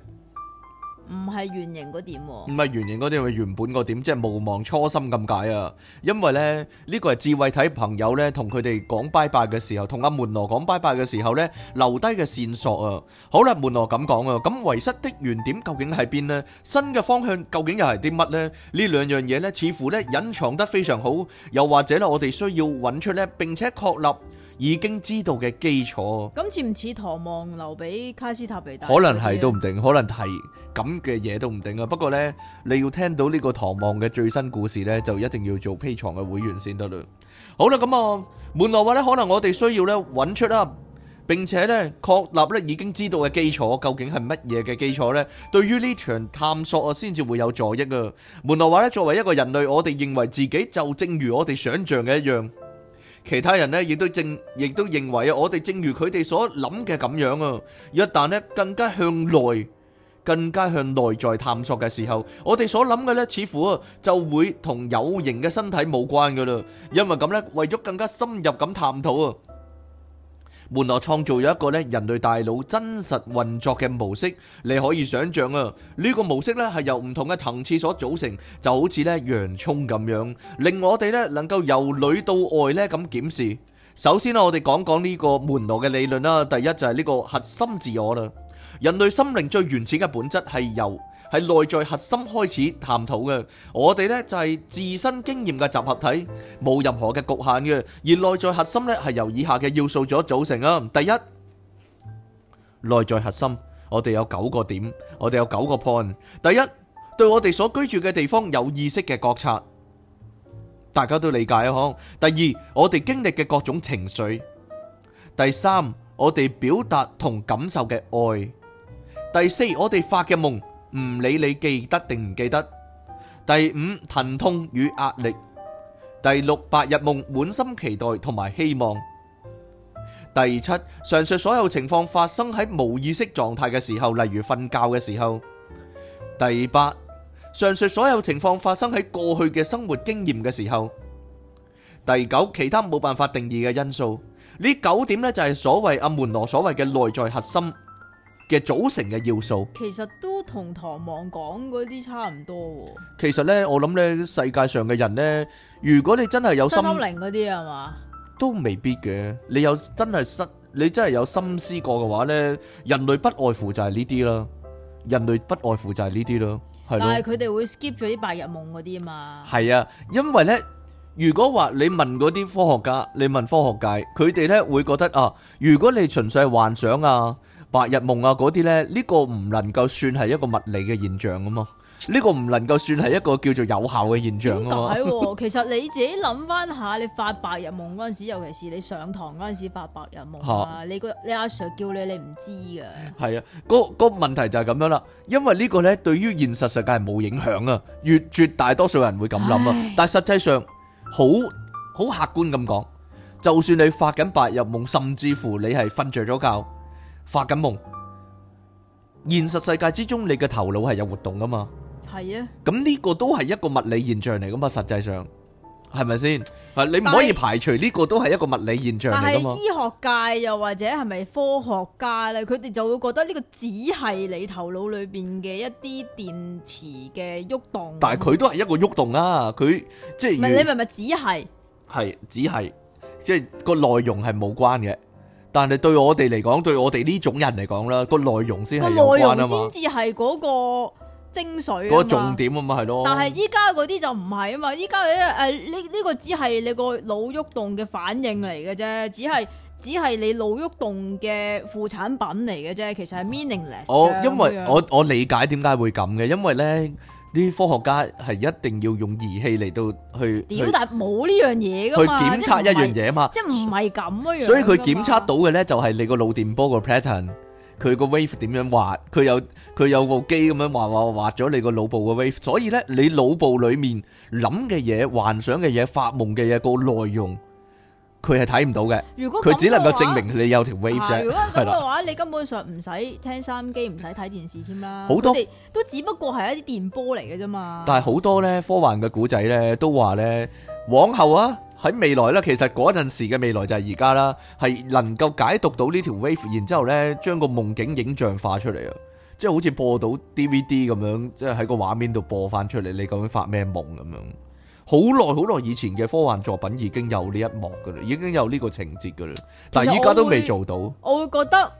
B: 唔係圓形嗰點喎，
A: 唔係圓形嗰點，係原本嗰點，即係無忘初心咁解啊！因為呢，呢個係智慧體朋友呢，同佢哋講拜拜嘅時候，同阿門羅講拜拜嘅時候呢，留低嘅線索啊！好啦，門羅咁講啊，咁遺失的原點究竟喺邊呢？新嘅方向究竟又係啲乜呢？呢兩樣嘢呢，似乎呢隱藏得非常好，又或者呢，我哋需要揾出呢，並且確立。已經知道嘅基礎
B: 咁似唔似唐望留俾卡斯塔比達？可能係都唔
A: 定，可能係咁嘅嘢都唔定啊！不過呢，你要聽到呢個唐望嘅最新故事呢，就一定要做 Patreon 嘅會員先得啦。好啦，咁、嗯、啊，門羅話呢，可能我哋需要呢揾出啦，並且呢確立呢已經知道嘅基礎究竟係乜嘢嘅基礎呢？對於呢場探索啊，先至會有助益啊！門羅話呢，作為一個人類，我哋認為自己就正如我哋想象嘅一樣。其他人咧亦都正，亦都認為啊，我哋正如佢哋所諗嘅咁樣啊，一旦咧更加向內、更加向內在探索嘅時候，我哋所諗嘅咧，似乎啊就會同有形嘅身體冇關噶啦，因為咁咧，為咗更加深入咁探討啊。門羅創造咗一個咧人類大腦真實運作嘅模式，你可以想象啊，呢個模式咧係由唔同嘅層次所組成，就好似咧洋蔥咁樣，令我哋咧能夠由裏到外咧咁檢視。首先啦，我哋講講呢個門羅嘅理論啦，第一就係呢個核心自我啦，人類心靈最原始嘅本質係由。係內在核心開始探討嘅。我哋呢就係自身經驗嘅集合體，冇任何嘅局限嘅。而內在核心呢係由以下嘅要素組組成啊。第一，內在核心我哋有九個點，我哋有九個 point。第一，對我哋所居住嘅地方有意識嘅覺察，大家都理解啊。可第二，我哋經歷嘅各種情緒；第三，我哋表達同感受嘅愛；第四，我哋發嘅夢。唔理你記得定唔記得，第五疼痛與壓力，第六白日夢、滿心期待同埋希望，第七上述所有情況發生喺無意識狀態嘅時候，例如瞓覺嘅時候，第八上述所有情況發生喺過去嘅生活經驗嘅時候，第九其他冇辦法定義嘅因素。呢九點呢就係所謂阿門羅所謂嘅內在核心。嘅組成嘅要素，
B: 其實都同唐望講嗰啲差唔多。
A: 其實咧，我諗咧，世界上嘅人咧，如果你真係有心
B: 靈嗰啲啊嘛，
A: 都未必嘅。你有真係失，你真係有心思過嘅話咧，人類不外乎就係呢啲啦。人類不外乎就係呢啲啦，係咯。但係佢
B: 哋會 skip 咗啲白日夢嗰啲啊嘛。
A: 係啊，因為咧，如果話你問嗰啲科學家，你問科學界，佢哋咧會覺得啊，如果你純粹係幻想啊。白日夢啊，嗰啲咧，呢個唔能夠算係一個物理嘅現象啊嘛？呢個唔能夠算係一個叫做有效嘅現象啊嘛？點解，
B: 其實你自己諗翻下，你發白日夢嗰陣時，尤其是你上堂嗰陣時發白日夢啊，你個你阿 sir 叫你，你唔知噶。
A: 係啊，嗰嗰個問題就係咁樣啦，因為呢個咧對於現實世界係冇影響啊。越絕大多數人會咁諗啊，但係實際上好好客觀咁講，就算你發緊白日夢，甚至乎你係瞓着咗覺。發緊夢，現實世界之中，你嘅頭腦係有活動噶嘛？係啊，咁呢個都係一個物理現象嚟噶嘛？實際上係咪先？啊，係你唔可以排除呢個都係一個物理現象嚟噶嘛？但係醫
B: 學界又或者係咪科學家咧？佢哋就會覺得呢個只係你頭腦裏邊嘅一啲電磁嘅喐動。但係佢都
A: 係一個喐動啊！佢即係唔係你，咪咪只係係只係，即係個內容係冇關嘅。但係對我哋嚟講，對我哋呢種人嚟講啦，個內容先個內容先至
B: 係嗰個精髓，嗰個重點
A: 啊嘛係咯。但係
B: 依家嗰啲就唔係啊嘛，依家誒呢呢個只係你個腦喐動嘅反應嚟嘅啫，只係只係你腦喐動嘅副產品嚟嘅啫，其實係 meaningless。我因為我
A: 我理解點解會咁嘅，因為咧。啲科學家係一定要用儀器嚟到去，屌！但
B: 係冇呢樣嘢㗎嘛，去檢測一樣嘢啊嘛，即係唔係咁啊樣。所以佢檢測
A: 到嘅呢就係你個腦電波個 pattern，佢個 wave 點樣畫，佢有佢有部機咁樣畫畫畫咗你個腦部個 wave，所以呢你腦部裡面諗嘅嘢、幻想嘅嘢、發夢嘅嘢個內容。佢係睇唔到嘅。如果佢只能夠證明你有條 wave，係啦。咁嘅
B: 話， 吧你根本上唔使聽收音機，唔使睇電視添啦。好多都只不過係一啲電波嚟嘅啫嘛。但係好
A: 多咧科幻嘅古仔咧，都話咧，往後啊，喺未來咧，其實嗰陣時嘅未來就係而家啦，係能夠解讀到呢條 wave，然之後咧，將個夢境影像化出嚟啊，即係好似播到 DVD 咁樣，即係喺個畫面度播翻出嚟，你究竟發咩夢咁樣？好耐好耐以前嘅科幻作品已經有呢一幕噶啦，已經有呢個情節噶啦，但係依家都未做到。
B: 我，我會覺得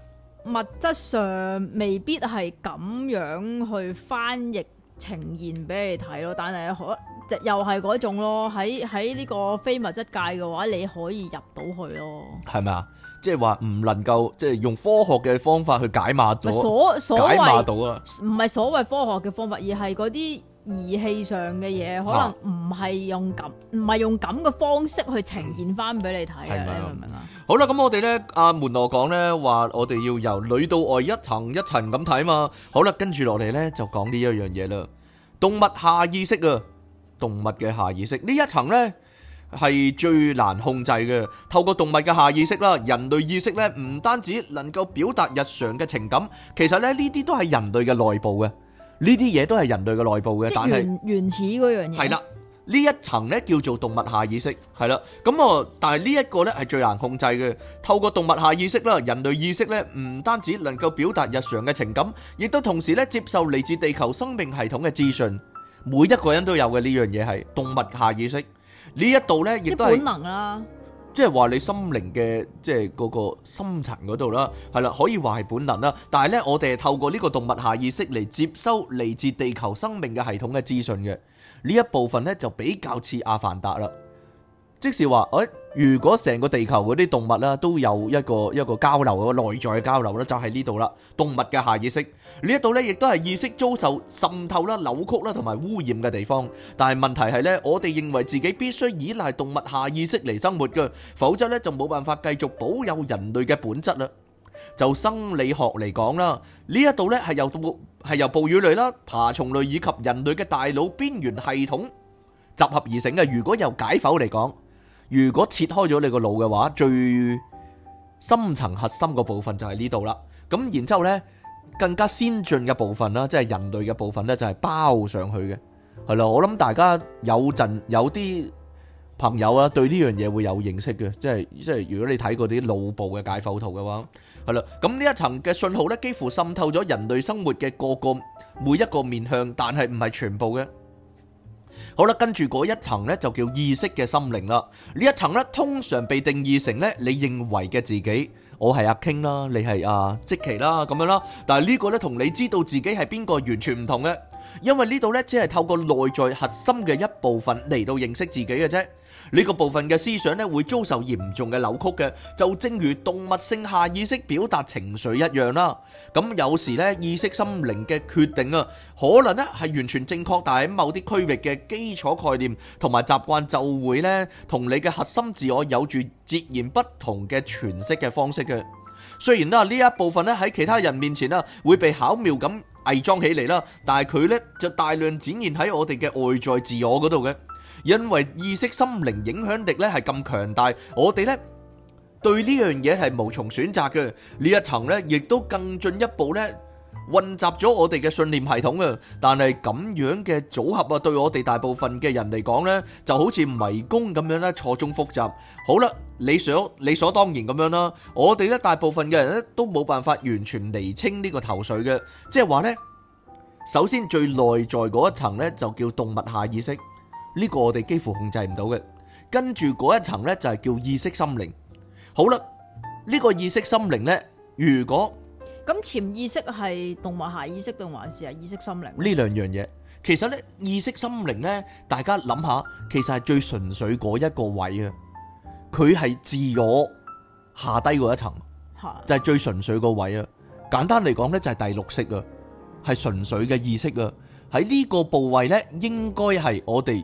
B: 物質上未必係咁樣去翻譯呈現俾你睇咯，但係可就又係嗰種咯。喺喺呢個非物質界嘅話，你可以入到去咯。
A: 係咪啊？即係話唔能夠即係用科學嘅方法去解碼咗，所所解碼到啊？
B: 唔係所謂科學嘅方法，而係嗰啲。儀器上嘅嘢可能唔係用咁，唔係用咁嘅方式去呈現翻俾你睇啊！你明唔明啊？
A: 好啦，咁我哋咧啊，門羅講咧話，我哋要由裏到外一層一層咁睇啊嘛。好啦，跟住落嚟咧就講呢一樣嘢啦。動物下意識啊，動物嘅下意識呢一層咧係最難控制嘅。透過動物嘅下意識啦，人類意識咧唔單止能夠表達日常嘅情感，其實咧呢啲都係人類嘅內部嘅。呢啲嘢都係人類嘅內部嘅，但係
B: 是原始嗰樣嘢係啦。
A: 呢一層咧叫做動物下意識，係啦。咁我但係呢一個咧係最難控制嘅。透過動物下意識啦，人類意識咧唔單止能夠表達日常嘅情感，亦都同時咧接受嚟自地球生命系統嘅資訊。每一個人都有嘅呢樣嘢係動物下意識。一呢一度咧亦都係本能啦。即係話你心靈嘅，即係嗰個深層嗰度啦，係啦，可以話係本能啦。但係咧，我哋係透過呢個動物下意識嚟接收嚟自地球生命嘅系統嘅資訊嘅。呢一部分咧，就比較似阿凡達啦。即係話，哎。如果成個地球嗰啲動物啦，都有一個一個交流個內在交流啦，就喺呢度啦。動物嘅下意識呢一度咧，亦都係意識遭受滲透啦、扭曲啦同埋污染嘅地方。但係問題係咧，我哋認為自己必須依賴動物下意識嚟生活嘅，否則咧就冇辦法繼續保有人類嘅本質啦。就生理學嚟講啦，呢一度咧係由到係由哺乳類啦、爬蟲類以及人類嘅大腦邊緣系統集合而成嘅。如果由解剖嚟講，如果切開咗你個腦嘅話，最深層核心嘅部分就喺呢度啦。咁然之後呢，更加先進嘅部分啦，即係人類嘅部分呢，就係包上去嘅，係啦。我諗大家有陣有啲朋友啊，對呢樣嘢會有認識嘅，即係即係如果你睇過啲腦部嘅解剖圖嘅話，係啦。咁呢一層嘅信號呢，幾乎滲透咗人類生活嘅個個每一個面向，但係唔係全部嘅。好啦，跟住嗰一層咧就叫意識嘅心靈啦。呢一層咧通常被定義成咧你認為嘅自己，我係阿傾啦，你係阿積奇啦咁樣啦。但係呢個咧同你知道自己係邊個完全唔同嘅，因為呢度咧只係透過內在核心嘅一部分嚟到認識自己嘅啫。呢個部分嘅思想咧，會遭受嚴重嘅扭曲嘅，就正如動物性下意識表達情緒一樣啦。咁有時咧，意識心靈嘅決定啊，可能咧係完全正確，但係喺某啲區域嘅基礎概念同埋習慣就會咧，同你嘅核心自我有住截然不同嘅詮釋嘅方式嘅。雖然啦，呢一部分咧喺其他人面前啦，會被巧妙咁偽裝起嚟啦，但係佢咧就大量展現喺我哋嘅外在自我嗰度嘅。因為意識心靈影響力咧係咁強大，我哋咧對呢樣嘢係無從選擇嘅。呢一層咧亦都更進一步咧混雜咗我哋嘅信念系統啊。但係咁樣嘅組合啊，對我哋大部分嘅人嚟講咧，就好似迷宮咁樣咧，錯綜複雜。好啦，理想理所當然咁樣啦，我哋咧大部分嘅人咧都冇辦法完全釐清呢個頭緒嘅，即係話咧，首先最內在嗰一層咧就叫動物下意識。呢個我哋幾乎控制唔到嘅，跟住嗰一層咧就係叫意識心靈。好啦，呢個意識心靈咧，如果
B: 咁潛意識係動物下意識定還是啊意識心靈？
A: 呢兩樣嘢其實咧意識心靈咧，大家諗下，其實係最純粹嗰一個位啊，佢係自我下低嗰一層，就係最純粹個位啊。簡單嚟講咧，就係第六識啊，係純粹嘅意識啊。喺呢個部位咧，應該係我哋。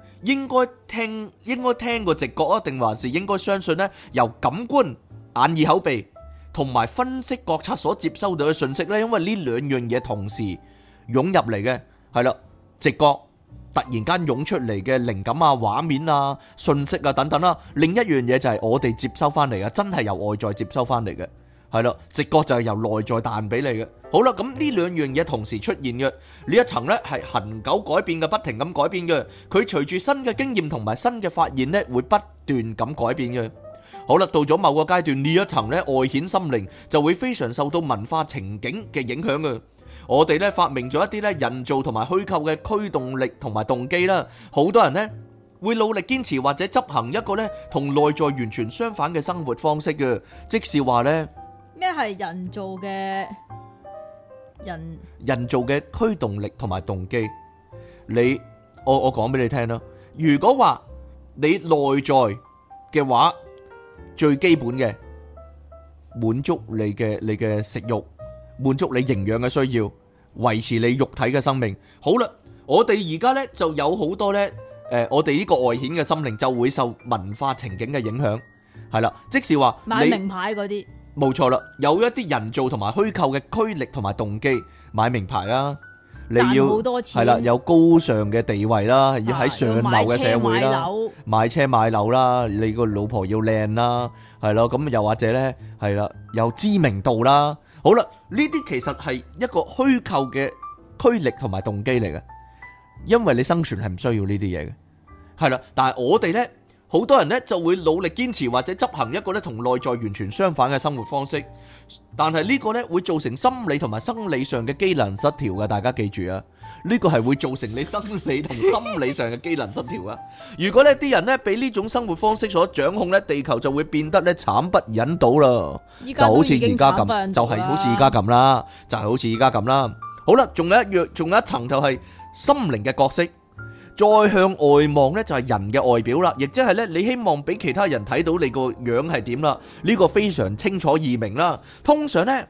A: 應該聽應該聽個直覺啊，定還是應該相信咧？由感官、眼耳口鼻同埋分析覺察所接收到嘅信息咧，因為呢兩樣嘢同時湧入嚟嘅。係啦，直覺突然間湧出嚟嘅靈感啊、畫面啊、信息啊等等啦。另一樣嘢就係我哋接收翻嚟嘅，真係由外在接收翻嚟嘅，係啦，直覺就係由內在彈俾你嘅。好啦，咁呢兩樣嘢同時出現嘅呢一層咧，係恆久改變嘅，不停咁改變嘅。佢隨住新嘅經驗同埋新嘅發現咧，會不斷咁改變嘅。好啦，到咗某個階段呢一層咧，外顯心靈就會非常受到文化情景嘅影響嘅。我哋咧發明咗一啲咧人造同埋虛構嘅驅動力同埋動機啦。好多人咧會努力堅持或者執行一個咧同內在完全相反嘅生活方式嘅，即是話咧
B: 咩係人造嘅？人
A: 人造嘅驅動力同埋動機，你我我講俾你聽啦。如果話你內在嘅話，最基本嘅滿足你嘅你嘅食慾，滿足你營養嘅需要，維持你肉體嘅生命。好啦，我哋而家呢就有好多呢，誒，我哋呢個外顯嘅心靈就會受文化情景嘅影響，係啦，即時話買
B: 名牌嗰啲。
A: 冇錯啦，有一啲人造同埋虛構嘅驅力同埋動機，買名牌啦，你要係啦，有高尚嘅地位啦，啊、要喺上流嘅社會啦，買車買，買車買樓啦，你個老婆要靚啦，係咯，咁又或者呢，係啦，有知名度啦，好啦，呢啲其實係一個虛構嘅驅力同埋動機嚟嘅，因為你生存係唔需要呢啲嘢嘅，係啦，但係我哋呢。好多人呢，就會努力堅持或者執行一個呢，同內在完全相反嘅生活方式。但係呢個呢，會造成心理同埋生理上嘅機能失調嘅，大家記住啊，呢個係會造成你生理同心理上嘅機能失調啊。如果呢，啲人呢，被呢種生活方式所掌控呢，地球就會變得呢，慘不忍睹啦。就好似而家咁。就係好似而家咁啦。就係好似而家咁啦。好啦，仲有一層，就係，心靈嘅角色。 再向外望呢，就係人嘅外表啦，亦即係呢，你希望俾其他人睇到你個樣係點啦，呢個非常清楚易明啦。通常呢，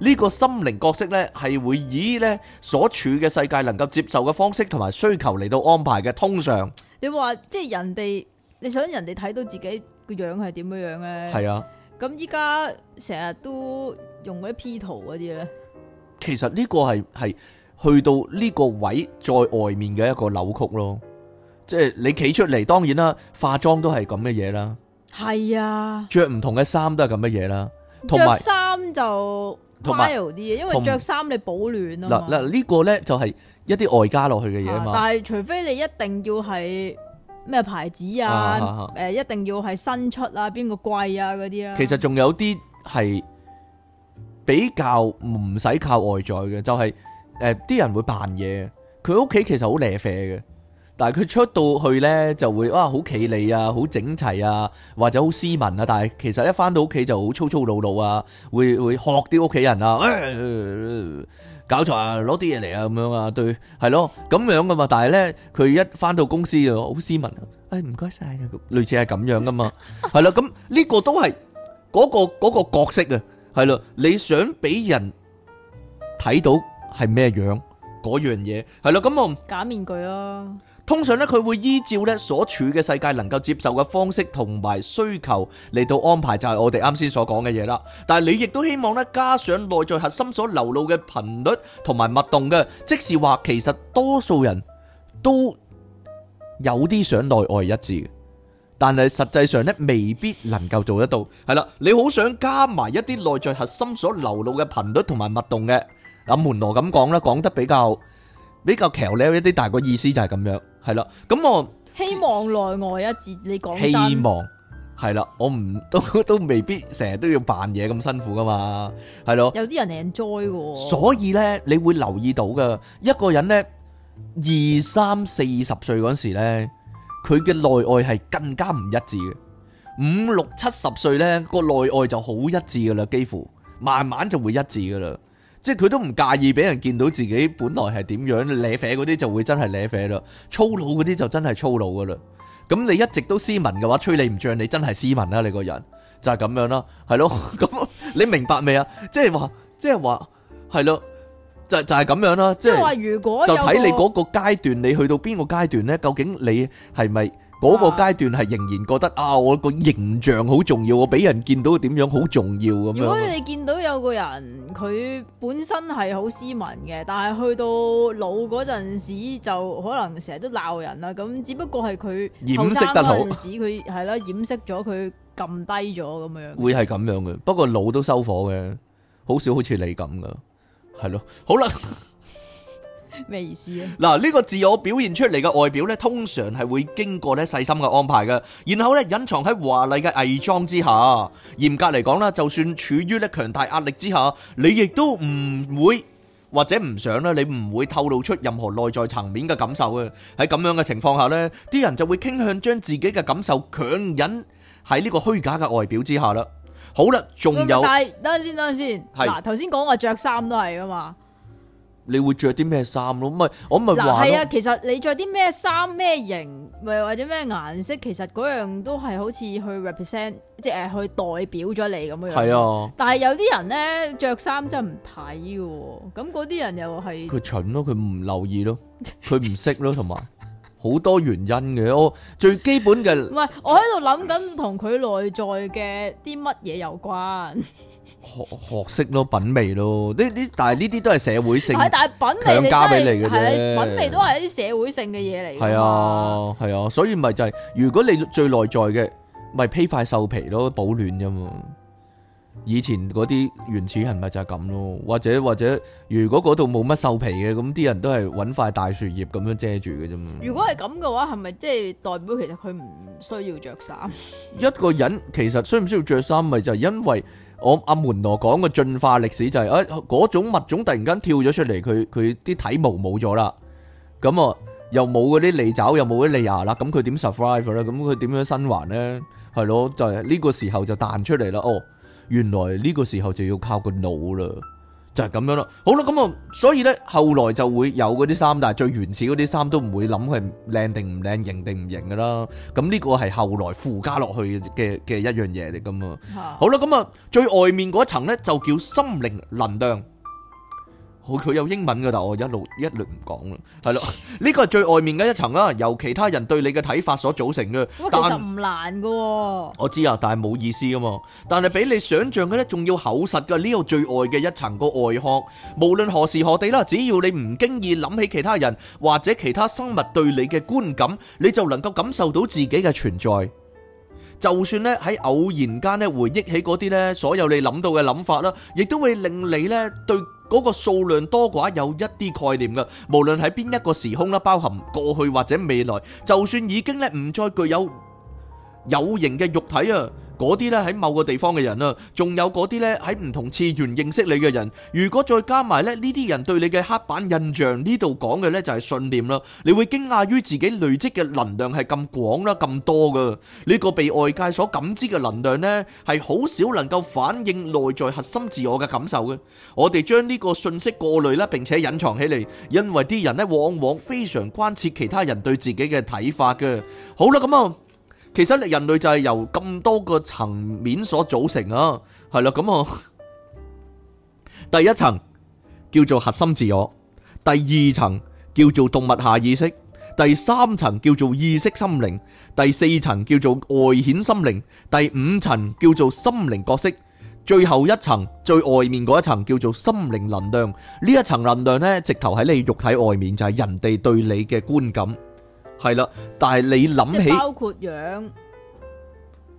A: 呢個心靈角色呢係會以呢所處嘅世界能夠接受嘅方式同埋需求嚟到安排嘅。通常，
B: 你話即係人哋，你想人哋睇到自己個樣係點樣樣呢？係啊。咁依家成日都用嗰啲 P 圖嗰啲呢。
A: 其實呢個係係。去到呢個位，在外面嘅一個扭曲咯，即係你企出嚟，當然啦，化妝都係咁嘅嘢啦。
B: 係啊，
A: 着唔同嘅衫都係咁嘅嘢啦。著衫
B: 就 style 啲，有因為着衫你保暖啊嗱嗱，這個、
A: 呢個咧就係、是、一啲外加落去嘅嘢嘛。啊、但
B: 係除非你一定要係咩牌子啊，誒、啊，一定要係新出啊，邊個貴啊嗰啲啊。其
A: 實仲有啲係比較唔使靠外在嘅，就係、是。誒，啲人會扮嘢，佢屋企其實好咧啡嘅，但係佢出到去咧就會啊好企理啊，好整齊啊，或者好斯文啊，但係其實一翻到屋企就好粗粗魯魯啊，會會學啲屋企人啊，搞錯啊，攞啲嘢嚟啊咁樣啊，對，係咯咁樣噶嘛，但係咧佢一翻到公司就好斯文，誒唔該晒啊，類似係咁樣噶嘛，係咯，咁呢個都係嗰個嗰個角色啊，係咯，你想俾人睇到？係咩樣？嗰樣嘢係啦，咁啊
B: 假面具啊。
A: 通常呢，佢會依照呢所處嘅世界能夠接受嘅方式同埋需求嚟到安排，就係我哋啱先所講嘅嘢啦。但係你亦都希望呢，加上內在核心所流露嘅頻率同埋脈動嘅，即是話其實多數人都有啲想內外一致，但係實際上呢，未必能夠做得到。係啦，你好想加埋一啲內在核心所流露嘅頻率同埋脈動嘅。嗱，門羅咁講啦，講得比較比較橋咧，一啲大概意思就係咁樣，係啦。咁我
B: 希望內外一致，你講真。希
A: 望係啦，我唔都都未必成日都要扮嘢咁辛苦噶嘛，係咯。有
B: 啲人 enjoy 嘅。
A: 所以咧，你會留意到嘅一個人咧，二三四十歲嗰時咧，佢嘅內外係更加唔一致嘅。五六七十歲咧，個內外就好一致嘅啦，幾乎慢慢就會一致嘅啦。即係佢都唔介意俾人見到自己本來係點樣，咧啡嗰啲就會真係咧啡啦，粗魯嗰啲就真係粗魯噶啦。咁你一直都斯文嘅話，吹你唔脹你真係斯文啦，你個人，啊、你個人就係、是、咁樣啦，係咯。咁 你明白未啊？即係話，即係話，係咯，就是、就係咁樣啦。即係話，
B: 如果就睇你嗰
A: 個階段，你去到邊個階段咧？究竟你係咪？嗰個階段係仍然覺得啊，我個形象好重要，我俾人見到點樣好重要咁樣。如果你
B: 見到有個人，佢本身係好斯文嘅，但係去到老嗰陣時，就可能成日都鬧人啦。咁只不過係佢掩飾得好，後生嗰陣時，佢係咯掩飾咗，佢撳低咗咁樣。會
A: 係咁樣嘅，不過老都收火嘅，好少好似你咁噶，係咯，好啦。
B: 咩意思
A: 啊？嗱，呢個自我表現出嚟嘅外表咧，通常係會經過咧細心嘅安排嘅，然後咧隱藏喺華麗嘅偽裝之下。嚴格嚟講咧，就算處於咧強大壓力之下，你亦都唔會或者唔想啦，你唔會透露出任何內在層面嘅感受嘅。喺咁樣嘅情況下咧，啲人就會傾向將自己嘅感受強忍喺呢個虛假嘅外表之下啦。好啦，仲有，等
B: 陣先，等陣先。係頭先講話着衫都係噶嘛。是
A: 你會着啲咩衫咯？唔係我唔係話，係啊。其
B: 實你着啲咩衫咩型，咪或者咩顏色，其實嗰樣都係好似去 represent，即係去代表咗你咁樣樣。係啊。但係有啲人咧着衫真係唔睇嘅，咁嗰啲人又係佢
A: 蠢咯，佢唔留意咯，佢唔識咯，同埋好多原因嘅。我最基本嘅，唔
B: 係我喺度諗緊同佢內在嘅啲乜嘢有關。
A: 學學識咯，品味咯，呢啲但係呢啲都係社會性加，
B: 係但係品味你嘅係、啊、品味都係一啲社會性嘅嘢嚟。
A: 係啊，係啊，所以咪就係、係、如果你最內在嘅咪披塊獸皮咯，保暖啫嘛。以前嗰啲原始人咪就係咁咯，或者或者如果嗰度冇乜獸皮嘅，咁啲人都係搵塊大樹葉咁樣遮住嘅啫嘛。如
B: 果係咁嘅話，係咪即係代表其實佢唔需要着衫？
A: 一個人其實需唔需要着衫，咪就係因為。.我阿、哦啊、門羅講嘅進化歷史就係、是，誒、哎、嗰種物種突然間跳咗出嚟，佢佢啲體毛冇咗啦，咁啊、哦、又冇嗰啲利爪，又冇啲利牙啦，咁佢點 survive 咧？咁佢點樣生還咧？係咯、哦，就係、是、呢個時候就彈出嚟啦。哦，原來呢個時候就要靠個腦啦。就係咁樣咯，好啦，咁啊，所以呢，後來就會有嗰啲衫，但係最原始嗰啲衫都唔會諗佢係靚定唔靚，型定唔型噶啦。咁呢個係後來附加落去嘅嘅一樣嘢嚟噶嘛。啊、好啦，咁啊，最外面嗰一層呢，就叫心靈能量。佢佢有英文噶，但係我一路一路唔講啦，係咯？呢個係最外面嘅一層啦，由其他人對你嘅睇法所組成嘅。不過其實唔
B: 難噶。
A: 我知啊，但係冇意思噶嘛。但係比你想象嘅咧，仲要厚實噶。呢個最外嘅一層個外殼，無論何時何地啦，只要你唔經意諗起其他人或者其他生物對你嘅觀感，你就能夠感受到自己嘅存在。就算咧喺偶然間咧回憶起嗰啲咧，所有你諗到嘅諗法啦，亦都會令你咧對。嗰個數量多寡，有一啲概念嘅，無論喺邊一個時空啦，包含過去或者未來，就算已經咧唔再具有有形嘅肉體啊。嗰啲咧喺某個地方嘅人啊，仲有嗰啲咧喺唔同次元認識你嘅人，如果再加埋咧呢啲人對你嘅黑板印象，呢度講嘅呢就係信念啦，你會驚訝於自己累積嘅能量係咁廣啦咁多噶。呢個被外界所感知嘅能量呢係好少能夠反映內在核心自我嘅感受嘅，我哋將呢個信息過濾啦並且隱藏起嚟，因為啲人呢往往非常關切其他人對自己嘅睇法嘅。好啦，咁啊。其實人類就係由咁多個層面所組成啊，係啦，咁啊，第一層叫做核心自我，第二層叫做動物下意識，第三層叫做意識心靈，第四層叫做外顯心靈，第五層叫做心靈角色，最後一層最外面嗰一層叫做心靈能量。呢一層能量呢，直頭喺你肉體外面就係人哋對你嘅觀感。係啦，但係你諗起包
B: 括樣，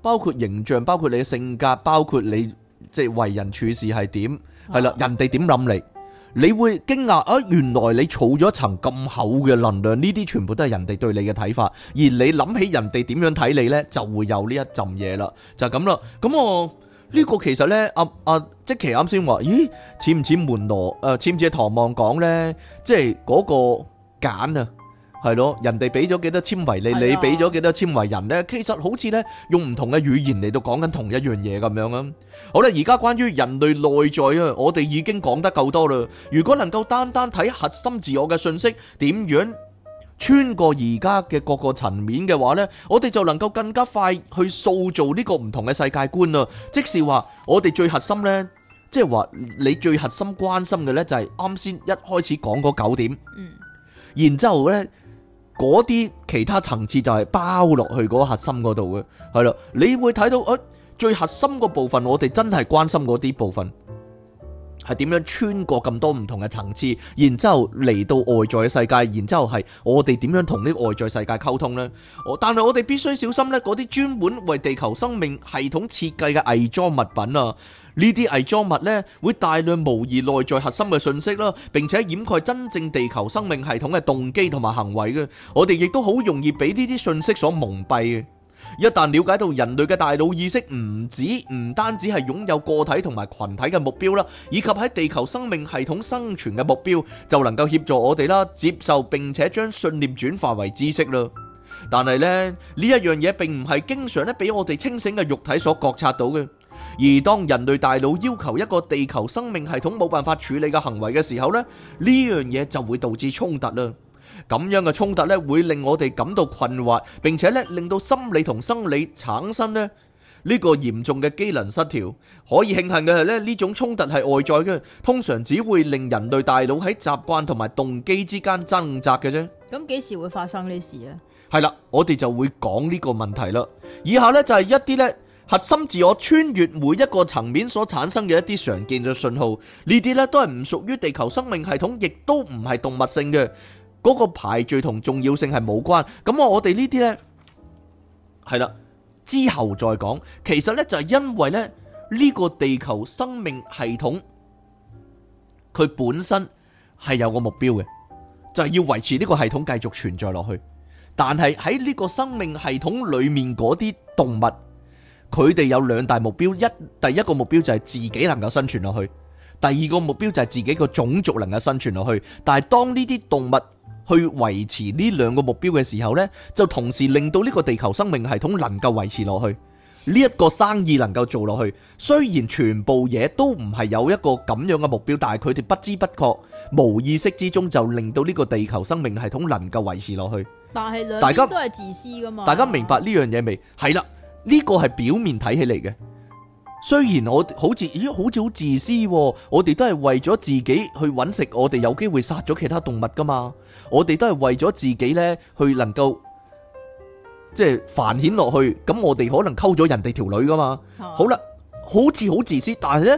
A: 包括形象，包括你嘅性格，包括你即係為人處事係點，係啦，人哋點諗你，你會驚訝啊！原來你儲咗一層咁厚嘅能量，呢啲全部都係人哋對你嘅睇法，而你諗起人哋點樣睇你呢，就會有呢一浸嘢啦，就咁啦。咁我呢個其實呢，阿阿即奇啱先話，咦，似唔似門羅誒，似唔似唐望講呢，即係嗰個簡啊？係咯，人哋俾咗幾多纖維你，你俾咗幾多纖維人呢？的其實好似呢，用唔同嘅語言嚟到講緊同一樣嘢咁樣啊。好啦，而家關於人類內在啊，我哋已經講得夠多啦。如果能夠單單睇核心自我嘅信息，點樣穿過而家嘅各個層面嘅話呢，我哋就能夠更加快去塑造呢個唔同嘅世界觀啦。即是話我哋最核心呢，即係話你最核心關心嘅呢，就係啱先一開始講嗰九點，嗯、然之後咧。嗰啲其他層次就係包落去嗰個核心嗰度嘅，係咯？你會睇到誒、呃、最核心個部分，我哋真係關心嗰啲部分，係點樣穿過咁多唔同嘅層次，然之後嚟到外在嘅世界，然之後係我哋點樣同呢個外在世界溝通呢？但我，但係我哋必須小心呢，嗰啲專門為地球生命系統設計嘅偽裝物品啊！呢啲偽裝物咧，會大量模擬內在核心嘅信息啦，並且掩蓋真正地球生命系統嘅動機同埋行為嘅。我哋亦都好容易俾呢啲信息所蒙蔽嘅。一旦了解到人類嘅大腦意識唔止唔單止係擁有個體同埋群體嘅目標啦，以及喺地球生命系統生存嘅目標，就能夠協助我哋啦，接受並且將信念轉化為知識啦。但係咧，呢一樣嘢並唔係經常咧俾我哋清醒嘅肉體所覺察到嘅。而當人類大腦要求一個地球生命系統冇辦法處理嘅行為嘅時候咧，呢樣嘢就會導致衝突啦。咁樣嘅衝突咧，會令我哋感到困惑，並且咧令到心理同生理產生咧呢個嚴重嘅機能失調。可以慶幸嘅係咧，呢種衝突係外在嘅，通常只會令人類大腦喺習慣同埋動機之間掙扎嘅啫。
B: 咁幾時會發生呢啲事啊？
A: 係啦，我哋就會講呢個問題啦。以下咧就係一啲咧。核心自我穿越每一個層面所產生嘅一啲常見嘅信號，呢啲咧都係唔屬於地球生命系統，亦都唔係動物性嘅。嗰個排序同重要性係冇關。咁我哋呢啲呢，係啦之後再講。其實呢就係因為咧呢個地球生命系統，佢本身係有個目標嘅，就係要維持呢個系統繼續存在落去。但係喺呢個生命系統裏面嗰啲動物。佢哋有兩大目標，一第一個目標就係自己能夠生存落去，第二個目標就係自己個種族能夠生存落去。但係當呢啲動物去維持呢兩個目標嘅時候呢，就同時令到呢個地球生命系統能夠維持落去，呢一個生意能夠做落去。雖然全部嘢都唔係有一個咁樣嘅目標，但係佢哋不知不覺、無意識之中就令到呢個地球生命系統能夠維持落去。
B: 但係兩，大家都係自私㗎嘛？大家
A: 明白呢樣嘢未？係啦。呢個係表面睇起嚟嘅，雖然我好似咦，好似好自私、哦，我哋都係為咗自己去揾食，我哋有機會殺咗其他動物噶嘛，我哋都係為咗自己呢去能夠即係繁衍落去，咁我哋可能溝咗人哋條女噶嘛，好啦了，好似好自私，但係呢。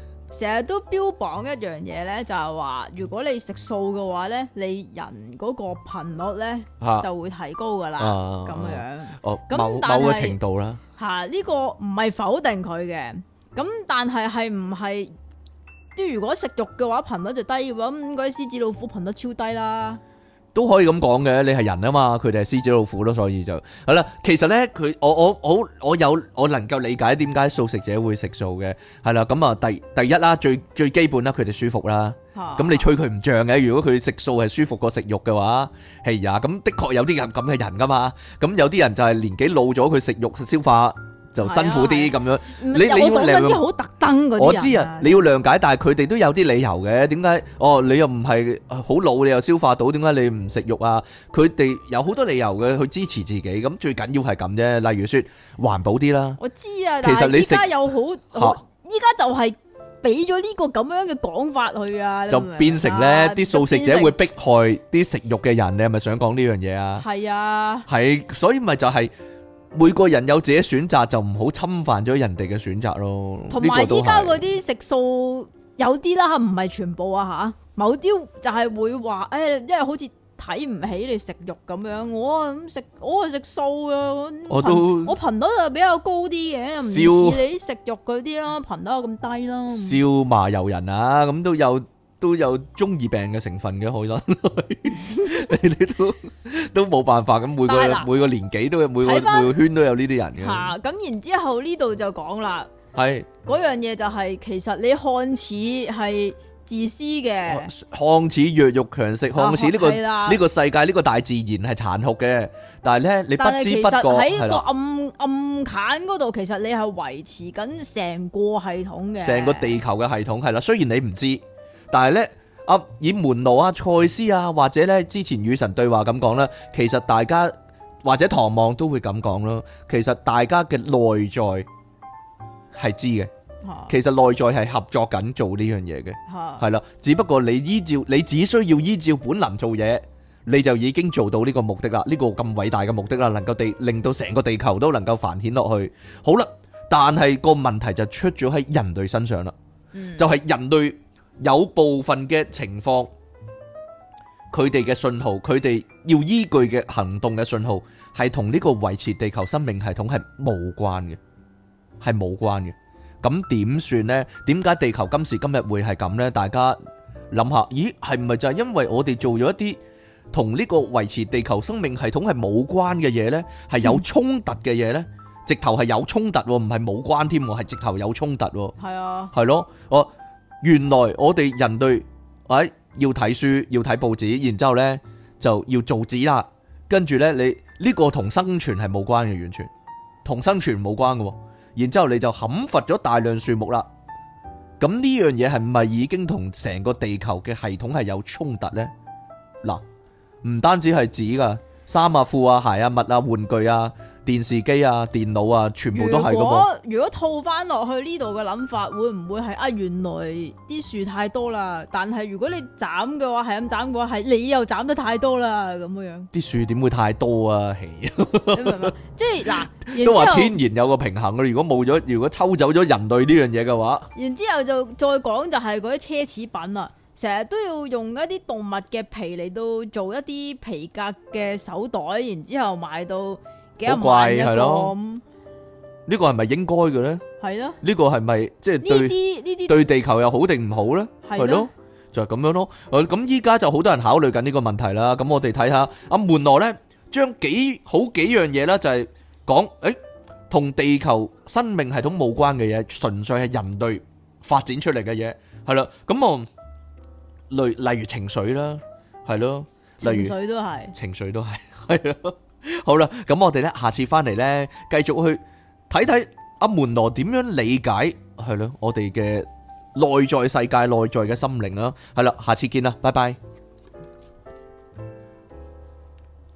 B: 成日都標榜一樣嘢咧，就係、是、話如果你食素嘅話咧，你人嗰個頻率咧就會提高噶啦，咁、啊、樣。哦，咁但係嚇呢、啊呢個唔係否定佢嘅，咁、嗯、但係係唔係？即如果食肉嘅話，頻率就低嘅話，咁嗰啲獅子老虎頻率超低啦。
A: 都可以咁講嘅，你係人啊嘛，佢哋係獅子老虎咯，所以就係啦。其實呢，佢我我我我有我能夠理解點解素食者會食素嘅。係啦，咁、嗯、啊第第一啦，最最基本啦，佢哋舒服啦。咁、啊嗯、你吹佢唔脹嘅，如果佢食素係舒服過食肉嘅話，係呀。咁的確有啲咁咁嘅人㗎嘛。咁、嗯、有啲人就係年紀老咗，佢食肉消化就辛苦啲咁樣，你你要啲好
B: 特登嘅我知啊，
A: 你要諒解，但係佢哋都有啲理由嘅。點解？哦，你又唔係好老，你又消化到，點解你唔食肉啊？佢哋有好多理由嘅去支持自己。咁最緊要係咁啫。例如說環保啲啦，我知
B: 啊。其實你依家又好，依家就係俾咗呢個咁樣嘅講法去啊，就變
A: 成咧啲素食者會迫害啲食肉嘅人。你係咪想講呢樣嘢啊？
B: 係啊，
A: 係所以咪就係。每個人有自己選擇，就唔好侵犯咗人哋嘅選擇咯。同埋依家嗰
B: 啲食素是有啲啦，唔係全部啊吓。某啲就係會話，誒、哎，因為好似睇唔起你食肉咁樣，我啊食，我啊食素啊我都。我都我頻率啊比較高啲嘅，唔似 你食肉嗰啲啦，頻率咁低咯。
A: 笑罵由人啊，咁都有。都有中二病嘅成分嘅， 好多你哋都都冇辦法咁，每個是每個年紀都有，每個吧每個圈都有呢啲人嘅。吓
B: 咁，然之後呢度就講啦，係嗰是樣嘢就係、是，其實你看似係自私嘅，
A: 看似弱肉強食，看似呢、這個呢個世界呢、這個大自然係殘酷嘅，但係咧你不知不覺喺個
B: 暗暗坎嗰度，的其實你係維持緊成個系統嘅，成
A: 個地球嘅系統係啦。雖然你唔知。但係咧，阿、啊、以門羅啊、賽斯啊，或者咧之前與神對話咁講啦，其實大家或者唐望都會咁講咯。其實大家嘅內在係知嘅，其實內在係合作緊做呢樣嘢嘅，係啦、啊。只不過你依照你只需要依照本能做嘢，你就已經做到呢個目的啦。呢、這個咁偉大嘅目的啦，能夠地令到成個地球都能夠繁衍落去。好啦，但係個問題就出咗喺人類身上啦，嗯、就係人類。有部分嘅情況，佢哋嘅信號，佢哋要依據嘅行動嘅信號，係同呢個維持地球生命系統係冇關嘅，係冇關嘅。咁點算呢？點解地球今時今日會係咁呢？大家諗下，咦，係唔係就係因為我哋做咗一啲同呢個維持地球生命系統係冇關嘅嘢呢？係有衝突嘅嘢呢？直頭係有衝突，唔係冇關添，係直頭有衝突。係啊，係咯，我。原來我哋人類，誒、哎、要睇書，要睇報紙，然之後呢，就要造紙啦。跟住呢，你呢、這個同生存係冇關嘅，完全同生存冇關嘅。喎，然之後你就砍伐咗大量樹木啦。咁呢樣嘢係唔係已經同成個地球嘅系統係有衝突呢？嗱，唔單止係紙㗎，衫啊、褲啊、鞋啊、襪啊、玩具啊。電視機啊，電腦啊，全部都係噶、嗰個。如果
B: 如果套翻落去呢度嘅諗法會會，會唔會係啊？原來啲樹太多啦，但係如果你斬嘅話，係咁斬嘅話，係你又斬得太多啦咁嘅樣。
A: 啲樹點會太多啊？係， 你
B: 明唔明？即係嗱，後後都話天
A: 然有個平衡嘅。如果冇咗，如果抽走咗人類呢樣嘢嘅話，
B: 然之後就再講就係嗰啲奢侈品啦，成日都要用一啲動物嘅皮嚟到做一啲皮革嘅手袋，然後之後買到。好怪係咯，
A: 呢個係咪應該嘅咧？係
B: 咯，
A: 呢個係咪即係對呢啲呢啲對地球又好定唔好咧？係咯，就係咁樣咯。誒，咁依家就好多人考慮緊呢個問題啦。咁我哋睇下阿門羅咧，將幾好幾樣嘢啦，就係講誒，同地球生命系統冇關嘅嘢，純粹係人類發展出嚟嘅嘢，係啦。咁啊，例例如情緒啦，係咯，情緒都係，情緒都係，係咯。好啦，咁我哋呢，下次翻嚟呢，繼續去睇睇阿門羅點樣理解係囉，我哋嘅內在世界、內在嘅心靈啦。係啦，下次見啦，拜拜。